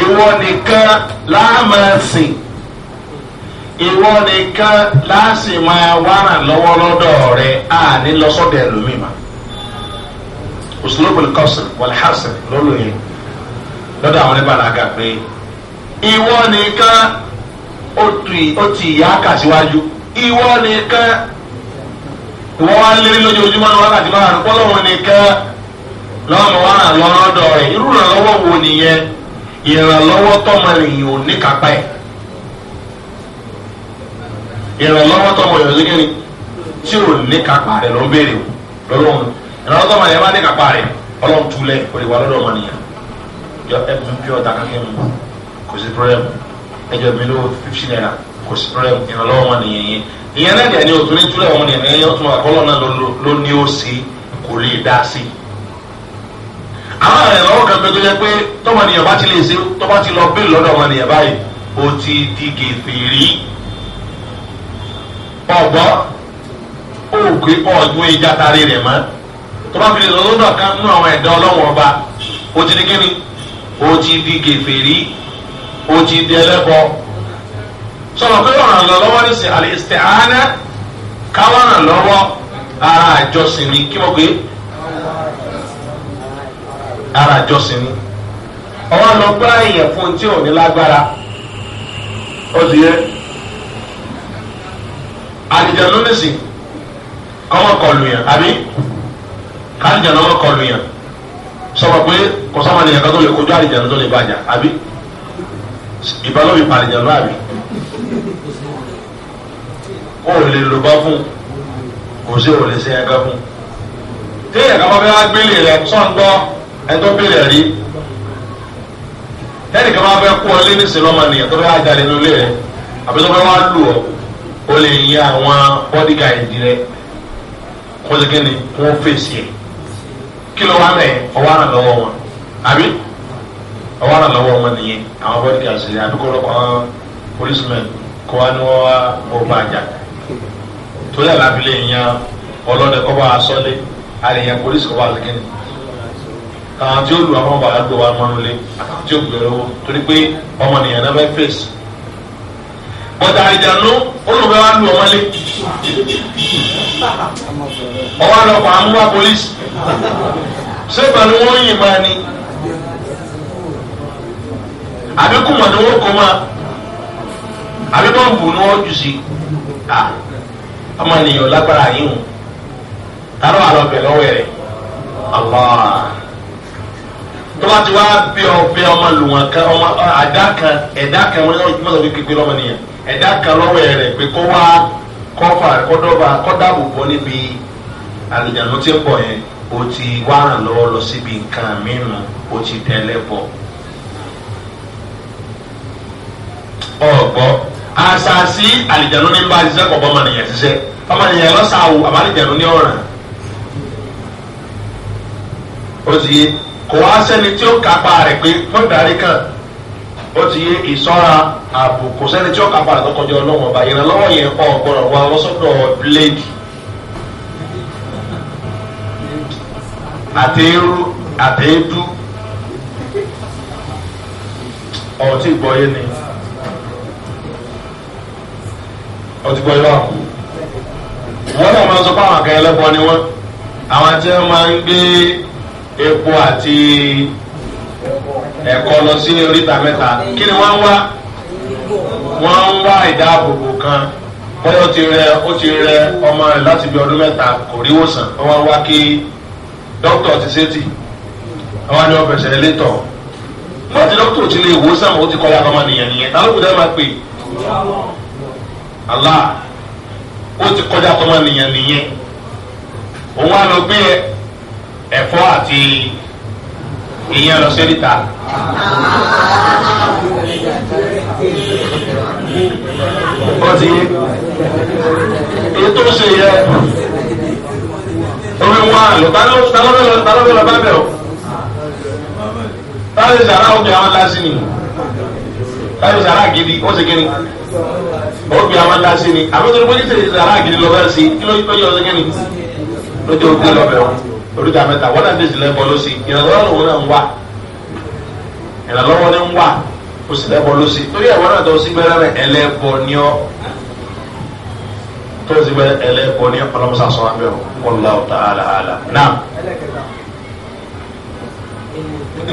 Speaker 2: ìwọ nìkan láàmásìn ìwọ nìkan láàsì máa wára lọ́wọ́ lọ́dọ̀ rẹ̀ àní lọ́sọ̀dẹ̀ lómìnira òsínlóbìnrin kọ́sìn wàlhásìn lọ́lọ́yìn lọ́dọ̀ àwọn oníbàlágà pé ìwọ nìkan ó ti ìyá kà síwájú ìwọ nìkan ìwọ wa lé lójoojúmọ́ ní wákàtí máa rún pọ́lọ́wọ́ nìkan lọ́mọ wa ràn lọ lọ́dọ̀ rẹ̀ irú ìrànlọ́wọ́ wo nìyẹn ìrànlọ́wọ́ tọmọ èèyàn ò ní kápá ẹ̀ ìrànlọ́wọ́ tọmọ èèyàn sí kíni tí ò ní kápá rẹ̀ ló ń o lọ́wọ́ ìrànlọ́wọ́ tọmọ èèyàn bá ní kápá rẹ̀ ọlọ́run túlẹ̀ òrìwà lọ́dọ̀ ọmọ nìyẹn yọ ẹbùn pure ọ̀dà kankan mu kò sí problem ẹjọ́ mi ló fifty naira kò sí problem ìrànlọ́wọ́ wọn nìyẹn yẹn ìyẹn náà dẹ̀ ni òtún ní túlẹ̀ wọn nìyẹn yẹn tún àkọlọ́ náà ló ní ó sí kò lè dá sí. àwọn ìrànlọ́wọ́ kan pẹ̀lú yẹ pé tọ́mọnìyàn bá ti lè ṣe tọ́ba ti lọ bẹ́ẹ̀ lọ́dọ̀ ọmọnìyàn báyìí ó ti di gèfèrí ọ̀gbọ́n òògùn ọ̀gbọ́n ìjà tari rẹ̀ mọ́ tọ́ba fi lè lọ lọ́dọ̀ kan nínú àwọn ẹ̀dá ọlọ́wọ́ ọba ó ti di kíni o ti di gèfèrí o ti di ẹlẹ́bọ sọ̀rọ̀ pé ọ̀ràn lọ́wọ́ ní sìn àlèsè àánẹ́
Speaker 3: káwọn lọ́wọ́
Speaker 2: ara àjọsìn ni kí wọ́n gbé ara àjọsìn ni ọwọ́ lọ gbá èèyàn fún tí ò ní lágbára ó ti yẹ àdìjẹ́ lónìí sìn kọ́mọkọlù yẹn àbí kàdìjẹ́ lọ́wọ́ kọlù yẹn sọba pé kọsọ́mọ nìyẹn kan tó lè kojú àlìjẹ̀nu tó lè bàjá àbí ìbálòmí pa àlìjẹ̀nu àbí kó o lè lòbá fún kò sí o lè ṣe ẹgbẹ́ fún téèyàn kan bá fẹ́ wá gbélé rẹ sọ́ńgbọ́ ẹjọ́ bèèrè rí ẹnìkan bá fẹ́ kó ọ lé nísìnyí lọ́mọ nìyẹn tó fẹ́ wá jáde lólé rẹ àbí tó fẹ́ wá lù ọ́ o lè yin àwọn bọ́dígà rẹ kó o lè kéde kó o fèsì ẹ̀ kí ló wá bẹ̀ ọwọ́ àràn lọ́wọ́ wọn àbí ọwọ́ àràn lọ́wọ́ wọn nìyẹn àwọn bọ́dí kà sí àbí kó lọ́kọ̀ ọ́n policemen kó wá ní wọ́n wá wọ́n bá jà torí àlàbílẹ̀ yẹn ọlọ́dẹ kọ́ bá a sọ́lé àlèyàn polisi kọ́ bá a lẹ́gẹ́ni àwọn tí ó lu àwọn bàbá gbé wa mọ́nulé àtàwọn tí ó gbé lọ́wọ́ torí pé ọmọ nìyẹn náà fẹ́ fèsì bọ́dà àìjànú olùbẹ́wà lu ọmọ lé ọwọ́ àlọ́kọ̀ à ń wá polisi ṣé pẹ̀lú wọ́n yìn máa ni àbí kùmọ̀ ni wọ́n kọ́ máa àbí bọ́ǹbù ni wọ́n jù sí ọmọ ènìyàn lágbára yìí hù tààrọ̀ àlọ́bẹ̀ lọ́wọ́ rẹ̀ allah tó bá ti wá bí ọbẹ̀ ọmọ lùwọ̀n kan ọmọ àdá kan ẹ̀dá kan wọ́n yọ ọmọ lọ́wọ́ kékeré ọmọ nìyẹn ẹ̀dá kan lọ́wọ́ rẹ̀ pé kó wá kọ́fà kọ́dọ́bà kọ́dàbò bọ́ níbi àlùjáde tí ń bọ̀ yẹn o ti wá ràn lọ́wọ́ lọ síbi nǹkan mìíràn o ti tẹ́lẹ̀ bọ̀. ọ̀gbọ́ àṣàṣì àlùjáde ní bá ṣiṣẹ́ kọ̀ bọ́ mọ̀nìyàn ṣiṣẹ́ ọmọnìyàn lọ́sàáwò àbálùjáde ní ọ̀ràn. o sì kò wá sẹ́ni tí ó kápá rẹ̀ pé mọ́tàrí kan ó ti yé ìsọ́ra ààbò kò sẹ́ni tí ó kápá rẹ̀ lọ́kọ̀jọ́ ọlọ́wọ́ ọba ìrànlọ́wọ́ yẹn kọ́ ọ̀gbọ́dọ̀ wa lọ́sọ̀dọ̀ bíléèdì àtẹ́rù àtẹ́dú ọ̀tí ìgbọ́yé ni ọtí gbọ́yé báwọn wọ́n náà máa sọ fún àwọn akẹ́yẹ lẹ́kọ̀ọ́ ni wọ́n àwọn tí wọ́n máa ń gbé epo àti. ẹ̀kọ́ lọ sí oríta mẹ́ta kí ni wọ́n ń wá wọ́n ń wá ìdáàbòbò kan bóyá ti rẹ ó ti rẹ ọmọ rẹ láti bí ọdún mẹ́ta kò rí wòsàn wọ́n wá kí dókítà ti ṣètì àwọn ni wọ́n fẹsẹ̀ létọ̀ wọ́n ti dókítà ti lè wò sàn ti kọjá èyàn lọ oh, sí níta. ó ti yé èyí tó ṣe yẹ omi wà lọ tálọ́bẹ̀ lọ bá bẹ̀ ọ́ táyì sàrà òbí àwọn lásì ni
Speaker 3: táyì sàrà gidi ó sì kíni òbí àwọn lásì ni àbẹ̀tẹ̀ ló pé ní sàrà gidi
Speaker 2: lọ́bẹ̀ sí kí ló yọ ọ́ sí kíni lójú òbí lọ́bẹ̀ ọ́ oríta mẹ́ta wọ́n náà dèjì lẹ́bọ̀ ló sí ìrànlọ́wọ́ lòun náà ń wà ìrànlọ́wọ́ ni ń wà ó sì lẹ́bọ̀ ló sí torí ẹ̀wọ́n náà tó sí gbẹ́rẹ́ rẹ̀ ẹlẹ́bọ̀ ni ọ́ tó sì gbẹ́rẹ́ ẹlẹ́bọ̀ ni ọlọ́musa sọ wá bẹ́ẹ̀ wọ́n lọ ta àlà àlà náà.
Speaker 3: ní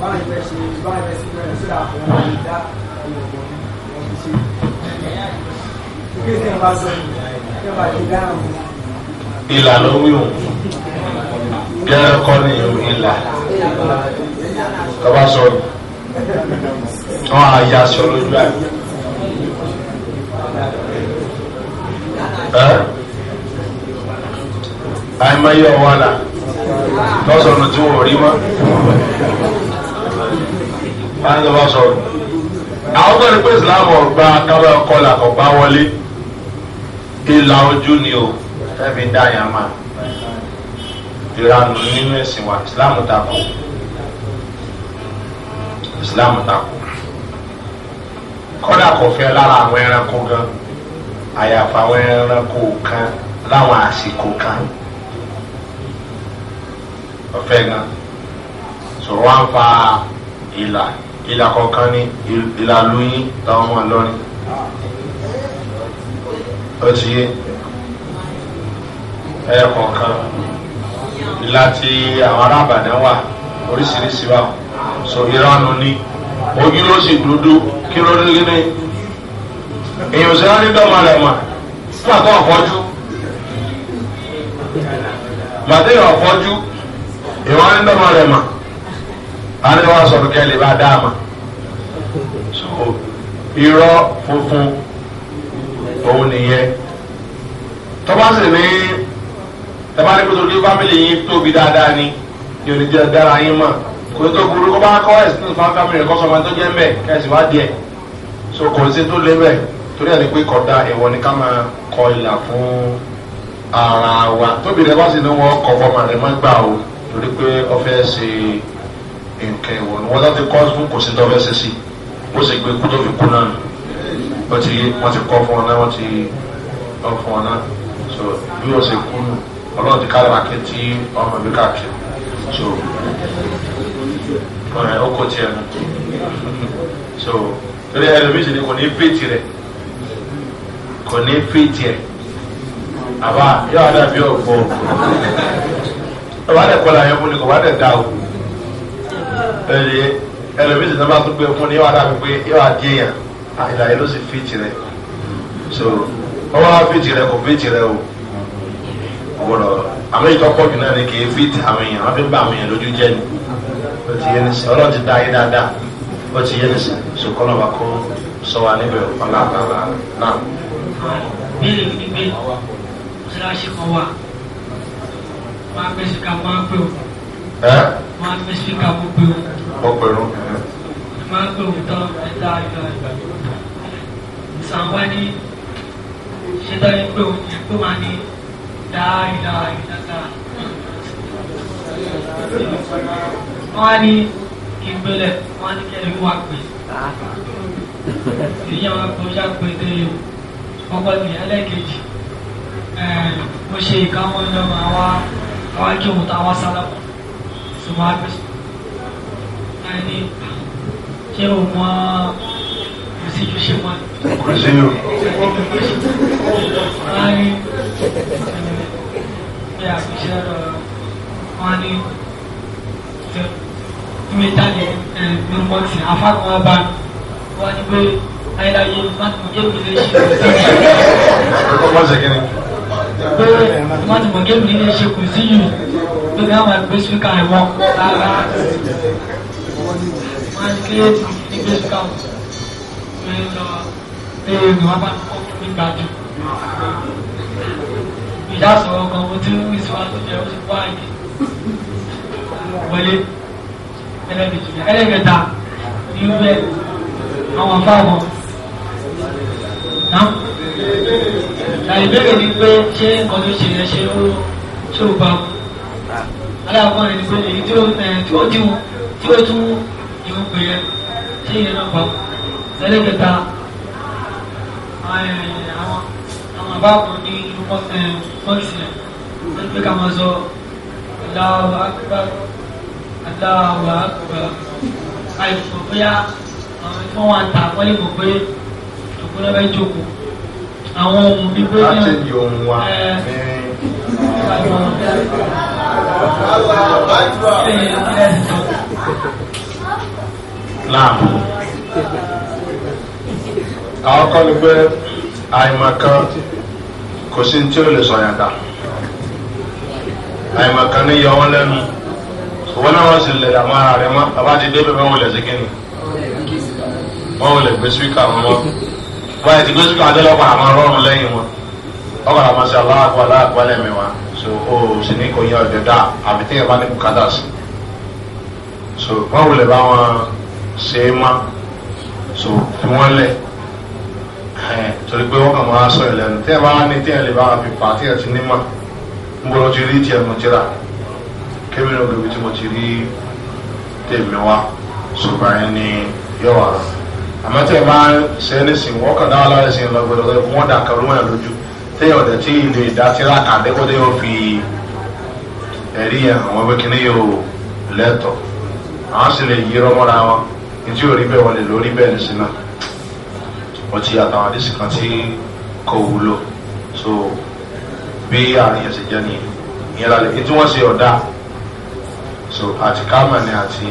Speaker 3: báyìí fẹ́ ṣe báyìí fẹ́ sí bẹ́ẹ̀ sí àpò ọ̀rọ̀ ìdá ìwọ̀n
Speaker 2: ìlà ló wíwùn gẹ́gẹ́ kọ́ ní ìlà tọ́ba sọ̀rọ̀ wọ́n á ya aṣọ lójú àyè. àìmọye ọ̀wọ́là lọ́sọ̀nù tí wọ́n rí mọ́. báyìí ló bá sọ̀rọ̀ àwọn tó ní pé islam ọgbà kábẹ́ ọkọlà kò bá wọlé ìlà ojú ni o ẹbí dá yàn má ìranù nínú ẹ̀sìn wa islam takò islam takò kọ́dà kò fẹ́ lára àwọn ẹranko gan àyàfà àwọn ẹranko kan láwọn àsìkò kan ọ̀fẹ́ gan sọ̀rọ̀ wá ń fa ìlà ìlà kọ̀ọ̀kan ní ìlà lóyún táwọn ọmọ lọ́rin ó ti yé ẹyọ kọ̀ọ̀kan ìlà tí àwọn arábàdàn wà oríṣiríṣi wà so ìranu ní ojú ló sì dúdú kí ló ní ní èèyàn sì rán ní dọ́mà rẹ̀ mà fún àtọ́ àfọ́jú màdé ọ̀fọ́jú èèyàn ní dọ́mà mà àná wa sọ̀rọ̀ kẹ́ lè bá dá a ma so irọ́ funfun òun nìyẹn tọ́ba sì ní tọ́ba ní kótó ní fámìlì yín tóbi dáadáa ni ní oníjẹ dára yín mọ̀ kò tó burú kó bá kọ́ ẹ̀sìn ní fámìlì rẹ̀ kọ́ sọ́mọ tó jẹ́ mbẹ́ kẹ́sì wá díẹ̀ so kò sí tó lé bẹ́ẹ̀ torí ẹ̀ ní pé kọ̀dá ẹ̀wọ̀ ni ká máa kọ ìlà fún ara wa tóbi rẹ̀ bá sì ní wọ́n kọ̀ fọ́mọ rẹ̀ mọ́ gbà o torí pé ọ fẹ́ ṣe nǹkan ìwọ ni wọn láti kọ́ fún kò sí tó fẹ́ ṣe sí bó ṣe gbé kú tó fi kú náà wọ́n ti wọ́n ti kọ́ fún ọ náà wọ́n ti lọ fún ọ náà so bí wọ́n ṣe kú nù ọlọ́run ti kára wákè tí ọmọ mi káàkiri so ọ̀rẹ́ ọkọ̀ tiẹ̀ nù so torí ẹlòmíì sì ni kò ní péjì rẹ̀ kò ní péjì rẹ̀ àbá yóò wá dàbí ọ̀gbọ̀n ọ̀gbọ̀n ọ̀bá dẹ̀ kọ́lá yẹn fún ni kò bá dẹ̀ dá o ẹyẹ ẹlòmíì tìǹbà tó gbé fún ni yóò wá dàbí pé yóò wá dé yàn àyìnlá yẹn ló sì fi tirẹ̀ so wọ́n wá fi tirẹ̀ kò fi tirẹ̀ o ọ̀gbọ̀dọ̀ àwọn ìtọ́ pọ̀ jù náà ni kì í fi àwọn èèyàn wọ́n fi bá àwọn èèyàn lójú jẹ́ ni o ti yé nísìn ọlọ́run ti dá ayé dáadáa ó ti yé nísìn so kọ́nà bá kó sọ wa níbẹ̀ ọ̀la àbára náà. béèrè mi ni pé mọ́sálásí kan wà wọ́n á ká wọ́n á òkú
Speaker 3: máa ń fi ká gbogbo ẹ̀rọ. gbogbo ẹ̀rọ. máa ń pè wọ́n tán ẹ̀dá ìgbà ìgbà. ìsànwá ni ṣe dájú pé òun ti pé máa ní dáadáa wọ́n á ní kí n gbélẹ̀ wọ́n á ní kẹ́lẹ́ wíwá pé èyí àwọn akọ̀ọ́jà pé dé ọgbọ́n ní ẹlẹ́ẹ̀kejì mo ṣe ìkáwọ́ lọ́mọ àwa àwa kí òun táwa sálámù tó wá bí ẹni ṣé o mọ ìṣíjú ṣe wá. kò sí o. wọ́n ní bí àkùṣe rẹ̀ wọ́n ní ìmẹ̀jáde ẹ̀ẹ́dùn bọ́ọ̀sì afáàkùn ọba wọ́n ní pé ayélujára yẹn má ti mọ̀ jẹ́ òkèlè ṣe kò sí yìí. pé má ti mọ̀ jẹ́ òkèlè ṣe kò sí yìí pé kí wọ́n máa gbé síkà ẹ̀ mọ́ rárá wọ́n ti kílé ti gbé síkà ọ̀ pé lọ pé èmi wọ́n bá kọ́ fún mi gbàdú. ìdásọ̀ ọkàn mo ti ń sọ àtúnjẹ ó ti wá ìdí wọlé ẹlẹ́gbẹ̀jì ẹlẹ́gbẹ̀ta ní bẹ́ẹ̀ àwọn afáwọn náà ìbéèrè ni pé ṣé nǹkan tó ṣe yẹn ṣe ó ṣó aláwọ̀ rẹ̀ pé èyí tí ó tí ó tí ó tún ìwọ̀n pè é ṣé ìyẹn náà pa ẹlẹ́kẹta àwọn àbá kan ní pọ́ǹsì rẹ̀
Speaker 1: wọ́n ti ká máa sọ
Speaker 3: Allahu Akbar Allahu Akbar àìsàn bóyá àwọn tí wọ́n wá ta wọ́n mọ̀ pé òkú náà bẹ́ẹ̀ àwọn ohun bíi pé ní ẹ̀ ẹ̀
Speaker 2: naam àwọn kọ́ ni pé àìmọ̀kan kò sí tí ó lè sọ̀yàn dà àìmọ̀kan ní yọ wọ́n lẹ́nu ṣùgbọ́n náà wọ́n sì lè dààmú ara rẹ̀ mọ́ bàbá ti dé bẹ́ẹ̀ wọ́n lè ṣe kíni wọ́n lè gbé síkà wọn mọ́ báyìí ti gbé síkà adélọ́pàá àmọ́ rọrùn lẹ́yìn wọn ọkọ̀ làwọn ṣe aláàgbọ̀ aláàgbọ̀ lẹ́mìí wọn so o sì ní kò yan ọ̀dẹ̀dá àbí téèyàn bá ní bùkátà sí so wọ́n wulẹ̀ bá wọn ṣe é má so fi wọ́n lẹ̀ torí pé wọ́n kàn máa sọ ìlẹ́nu téèyàn bá ní téèyàn lè bá wọn fi pa téèyàn ti ní mọ̀ ń gbọ́dọ̀ ti rí tiẹ̀ mọ̀ tíra kébì ní ògbèbí tí mo ti rí tèmi wá ṣùgbọ́n ẹni ní yọ̀wọ̀ àmọ́ téèyàn bá ṣe é nísìnyí wọ́n kàn dáhà lára ẹ̀sìn lọ́gbẹ̀dọ̀ wọ́n dà kàrú ẹ̀ lójú tẹ ọ̀dẹ̀ tí ilé ìdásíra àdékọ́dé yóò fi ẹ̀rí yẹn àwọn ẹgbẹ́ kìíní yóò lẹ́tọ̀ àwọn sì lè yí rọ́mọ́ra wọn etí ò rí bẹ́ẹ̀ wọlé lórí bẹ́ẹ̀ ní sinmi wọ́n ti àtàwọn àdísì kan tí kò wúlò so bí àárín yẹn ṣe jẹ́ nìyẹn ìyẹn lálẹ́ etí wọ́n ṣe ọ̀dà so àti kámẹ́ni àti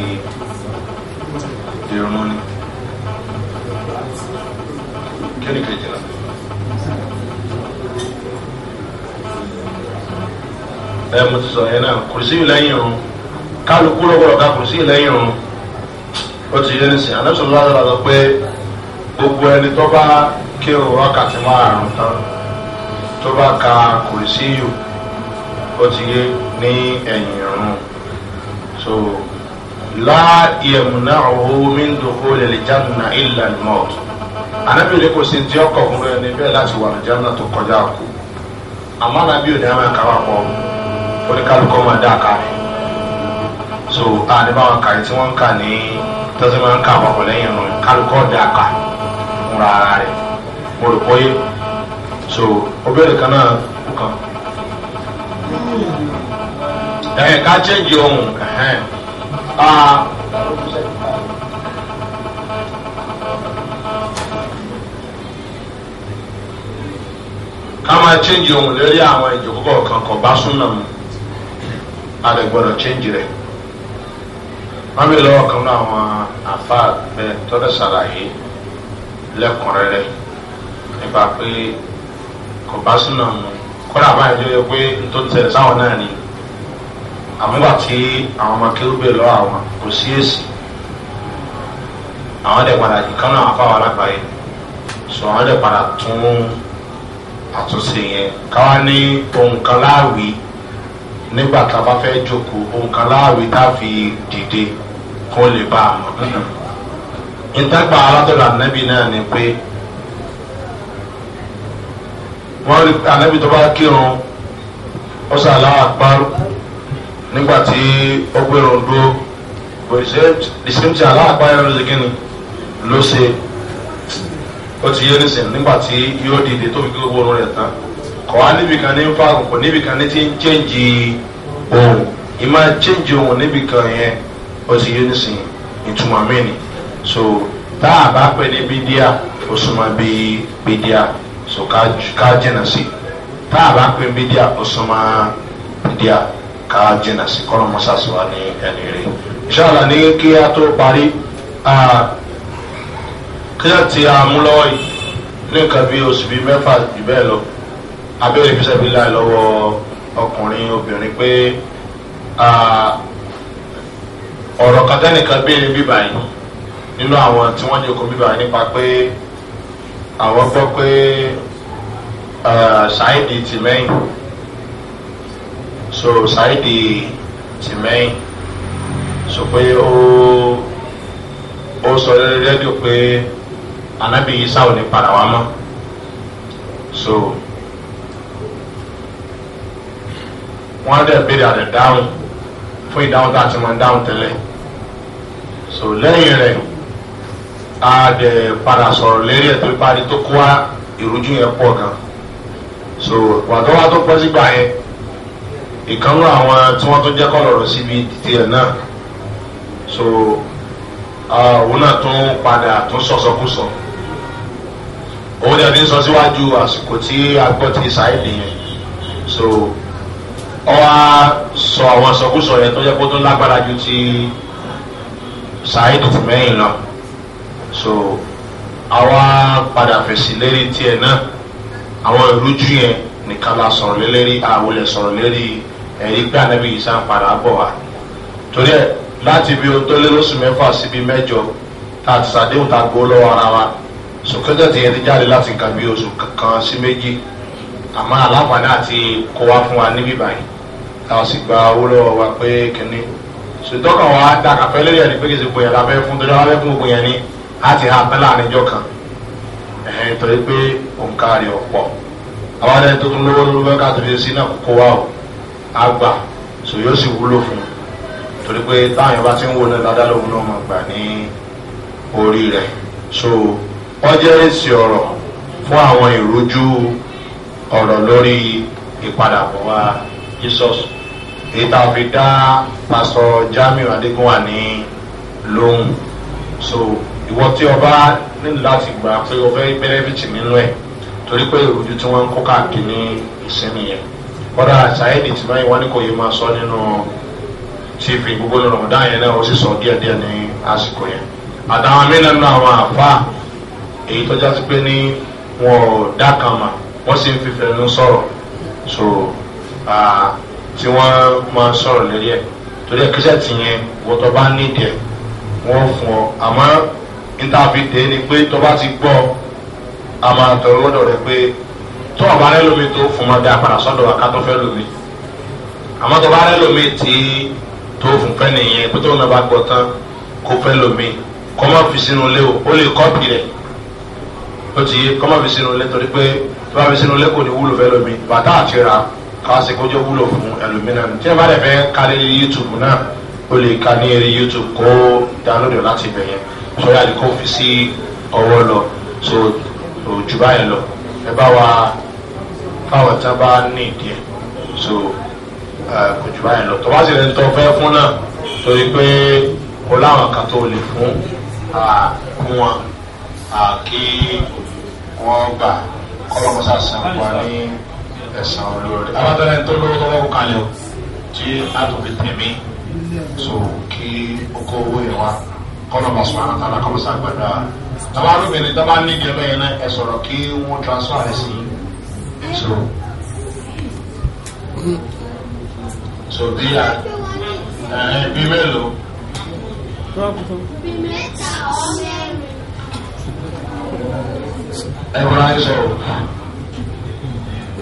Speaker 1: ìrònú ni kí ni kejì
Speaker 3: náà.
Speaker 2: ẹ mo ti sọ yẹn náà kùrìsì yìí lẹ́yìn o kálukú lọ́wọ́rọ̀ ká kùrìsì yìí lẹ́yìn o ó ti yé ní sìn àná sọ̀rọ̀ láti lọ pé gbogbo ẹni tó bá kírun wákàtí márùn tán tó bá ka kùrìsì yìí ó ti yé ní ẹ̀yìn ìrún so láàyèmùnáwó míndòkó lẹ́lẹ́jánu náà ìlà ìmọ̀ọ́tù anábìrin kò sí ti ọkọ̀ fún ẹni bẹ́ẹ̀ láti wà lẹ́jánu náà tó kọjá kú àmọ́ anábìrin ni a máa kà oníkálukọ́ máa dá àká so àní bá wọn kà tí wọ́n ń kà ní tọ́sí máa ń kà àpapọ̀ lẹ́yìn ìrún kálukọ́ dá àká fúnra ara rẹ̀ mo rò pọ́yé so obìnrin kan náà kú ẹ̀ ká chẹ́ǹjì ohun ká máa chẹ́ǹjì ohun lórí àwọn ìjòkó kọ̀ọ̀kan kọ̀ bá súnà mu a lè gbọ́dọ̀ change rẹ̀ wọ́n bí lọ́wọ́ kan náà àwọn àfa bẹ́ẹ̀ tọ́lẹ̀ ṣàlàyé lẹ́kùnrẹ́rẹ́ nípa pé kò bá sínú ọ̀nà kọ́lá àbáyé ló yẹ pé tó ń tẹ̀lé sáwọn náà ni àmúgbà tí àwọn ọmọ kérúbè lọ́wọ́ àwọn kò sí èsì àwọn dẹ̀ padà ìkan náà àfa wà lágbàáyé sọ àwọn dẹ̀ padà tún àtúnṣe yẹn káwá ní ohun kan láàwìí nígbà tá a bá fẹ́ jókòó ohun kan láàwí tá a fi dìde kó lè bá a mọ̀. ìtẹ́gbà aládọ́dọ̀ ànẹ́bí náà ni pé wọ́n rí ànẹ́bí tó bá kírun ó ṣàlá àgbárò nígbà tí ó gbèrò dúró kò ṣe ń ṣe àlá ló ṣe kí ni ló ṣe ó ti yé nísìnyí nígbà tí yóò dìde tó fi kí gbogbo orun rẹ̀ tán kọ́wá níbi kan ní ń fa àgùkù níbi kan ní ti ń chẹ́ǹjì ohun ìmá chẹ́ǹjì ohun níbi kan yẹn ó sì yé ìtumọ̀ mí so tá a bá pẹ́ ní bídíà ó súnmọ́ bí bídíà so ká jìnnà sí tá a bá pẹ́ bídíà ó súnmọ́ bídíà ká jìnnà sí kọ́nà mọ́sáàsì wa ní ẹni rẹ̀ ìṣàlà ní kí a tó parí kí a ti àmúlọ́wọ́ yìí ní nǹkan bí oṣù bíi mẹ́fà jù bẹ́ẹ̀ lọ abẹ́rẹ́ ìfisàbílà lọ́wọ́ ọkùnrin obìnrin pé ọ̀rọ̀ kan tẹ́nìkan béèrè bíbà yìí nínú àwọn tí wọ́n jókòó bíbà yìí nípa pé àwọn gbọ́ pé ṣáìdì tìmẹ́yìn so ṣáìdì tìmẹ́yìn sọ pé ó ó sọ lórí rédíò pé anábìyí sáwọn ní padà wá mọ́ so. wọ́n á dẹ̀ béèrè àdẹ̀ dáhùn fún ìdáhùn tá a ti máa ń dáhùn tẹ́lẹ̀ so lẹ́yìn rẹ̀ a dẹ̀ padà sọ̀rọ̀ lérí ẹ̀ tó parí tó kó wá ìrújú yẹn pọ̀ gan so wàtọ́wá tó pẹ́ sígbà yẹn ìkànnú àwọn tí wọ́n tó jẹ́ kọ́ lọ̀rọ̀ síbi tiẹ̀ náà so òun náà tún padà tún sọ̀sọ̀kúsọ òun dẹ̀ fi ń sọ síwájú àsìkò tí a gbọ́ ti sáyẹ̀ nìyẹn so ọwọ́ sọ àwọn sọkúsọ yẹn tó yẹ kó tó lágbára ju ti saheed mẹ́yìn lọ so àwa padà fèsì lérí tiẹ̀ náà àwọn ìrújú yẹn nìkan la sọ̀rọ̀ lérí àwòlẹ̀ sọ̀rọ̀ lérí ẹ̀rí pé ànábì yìí sáà padà bọ̀ wá torí ẹ̀ láti ibi tó lé lóṣù mẹ́fà síbi mẹ́jọ tá a ti sàdéhùn tá a gbó lọ́wọ́ ara wa sòkẹ́tẹ̀ tiẹ̀ ti jáde láti nǹkan bí oṣù kan sí méjì àmọ́ àlàfààní àti kó wá fún wa níbí báyìí táwọn sì gba owó lọ́wọ́ wa pé kínní ṣètò kan wà á da kàfẹ́ lórí ẹ̀ ní pé kì í ṣe gbòyàn lábẹ́ fún tọ́jú lábẹ́ fún gbòyàn ni á ti ha pẹ́ láàrin ìjọ kan ẹ̀hìn torí pé òǹkà rẹ̀ ọ̀pọ̀ àwọn ẹni tó tún lówó lówó bẹ́ẹ̀ ká tóbi sí náà kókó wa o á gbà sò yóò sì wúlò fún un torí pé táwọn yẹn ti ń wò náà dáadáa lóhun náà máa gbà ní orí rẹ̀ so wọ́n jẹ́ èsì ọ̀rọ̀ fún àwọn ìrójú ọ̀rọ̀ lórí ìpadàbọ̀ wa jesus èyí tá a fi dá pásọ jamiu adigunwa ní lóhùn so ìwọ tí ọba nílò láti gbà pé ọbẹ bẹrẹbìtì nínú ẹ torí pé ìrújú tí wọn ń kó káàkiri ní ìsinmi yẹn kọ́dà sáyẹ́dì tí báyìí wọn ní kò yé máa sọ nínú tv gbogbo nínú ọ̀dá yẹn náà ó sì sọ díẹ̀díẹ̀ ní àsìkò yẹn àtàwọn mìíràn nínú àwọn àfa èyí tó já sí pé ní wọn ò dá kan mà wọ́n sì ń fífẹ́ nínú sọ̀rọ̀ so. Uh, tí wọ́n máa sọ̀rọ̀ lórí ẹ̀ torí ẹ̀ kíṣẹ́ ti yẹn wọ́n tó bá ní ìdí ẹ̀ wọ́n fún ọ àmọ́ níta-fi dé ni pé tó bá ti gbọ́ a máa tọrọ lọ́dọ̀ rẹ pé tó o bá rẹ lómi tó fún ọ dá padà sọ́dọ̀ wa ká tó fẹ́ lómi àmọ́ tó bá rẹ lómi tí tó fún fẹ́ nìyẹn pé tó o náà bá gbọ́ tán kó fẹ́ lómi kọ́ máa fi sínú ilé o ó lè kọ́pì rẹ̀ ó ti yé kọ́ máa fi sínú ilé torí pé tó bá fi sínú ilé kò ní wúlò fẹ́ lómi bàtà àti ra kàṣe kó jẹ́ wúlò fún ẹlòmíràn tí ẹ bá lè youtube náà o lè ka ní eré youtube kó download láti ibẹ̀ yẹn so yàrá kó fi sí ọwọ́ lọ so òjò báyìí lọ ẹ bá wa fáwọn tí wọn bá ní ìdí ẹ so òjò báyìí lọ tó bá sì ní tó fẹ́ fún náà torí pé o láwọn kan tó lè fún fún wọn kí wọ́n gbà kọ́lọ́mọ́sá sàn wá
Speaker 1: ní ẹ̀sán olóore abátọ́lẹ̀ tó lówó tọ́wọ́ kó kalẹ̀ o tí
Speaker 2: a tó fi tẹ̀mí so kí o kó owó yẹn wá
Speaker 4: kọ́nà bá sọ̀rọ̀ àwọn tààlà kọ́mọ́sá gbàdá tàbá lóbìnrin tàbá nídìí
Speaker 2: ẹgbẹ́ yẹn náà ẹ sọ̀rọ̀ kí wọ́n transfer ẹ̀ sí so so bí a
Speaker 3: ẹ̀ bí mélòó ẹ̀ wọ́n á yẹ sọ̀rọ̀.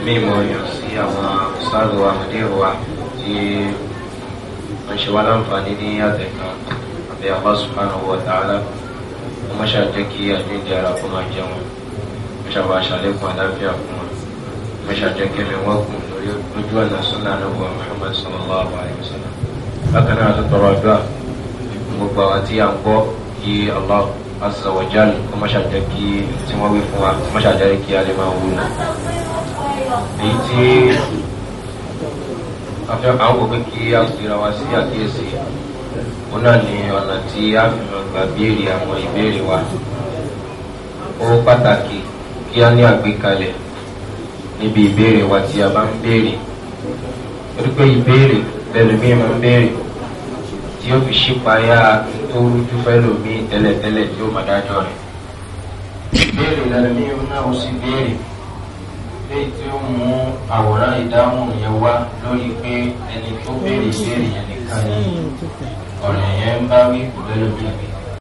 Speaker 4: ẹ̀mí ìmọ̀ọ́yàn sí àwọn sáàlù wa mọ̀dẹ́rù wa tí wọ́n ṣe wá láǹfààní ní àtẹ̀kàn àbí Allah subhanahu wa ta'ala wọ́n mọ̀ ṣàjẹ́ kí àjíǹde ara kó máa jẹun wọ́n ṣàbà ṣàlékún àlàáfíà fún wọn wọ́n ṣàjẹ́ kí ẹ̀mí wọ́n kù lórí ojú ọ̀nà sọ́nà àlọ́gbọ̀ Muhammad sallallahu alayhi wa sallam bákan náà tó tọrọ àdúrà gbogbo àwọn tí à ń gbọ́ Allah azza wa jal kó mọ̀ ṣàjẹ́ kí tí wọ́n wí fún wa kó mọ̀ ṣàjẹ́ kí a lè máa wúlò èyí tí afẹ́fẹ́ àwọn òpin kí a sì ra wa sí àkíyèsí òun wa ó pàtàkì kí a ní àgbékalẹ̀ níbi ìbéèrè wa tí a bá ń béèrè torí pé ìbéèrè lẹ́nu mi máa ń béèrè tí ó fi ṣípayá tó rújú léyìí tí ó mú
Speaker 3: àwòrán ìdáhùn yẹn wá lórí pé ẹni tó béèrè ìbéèrè yẹn nìkan ni ọ̀rẹ́ yẹn ń bá wí kò lẹ́lòmíì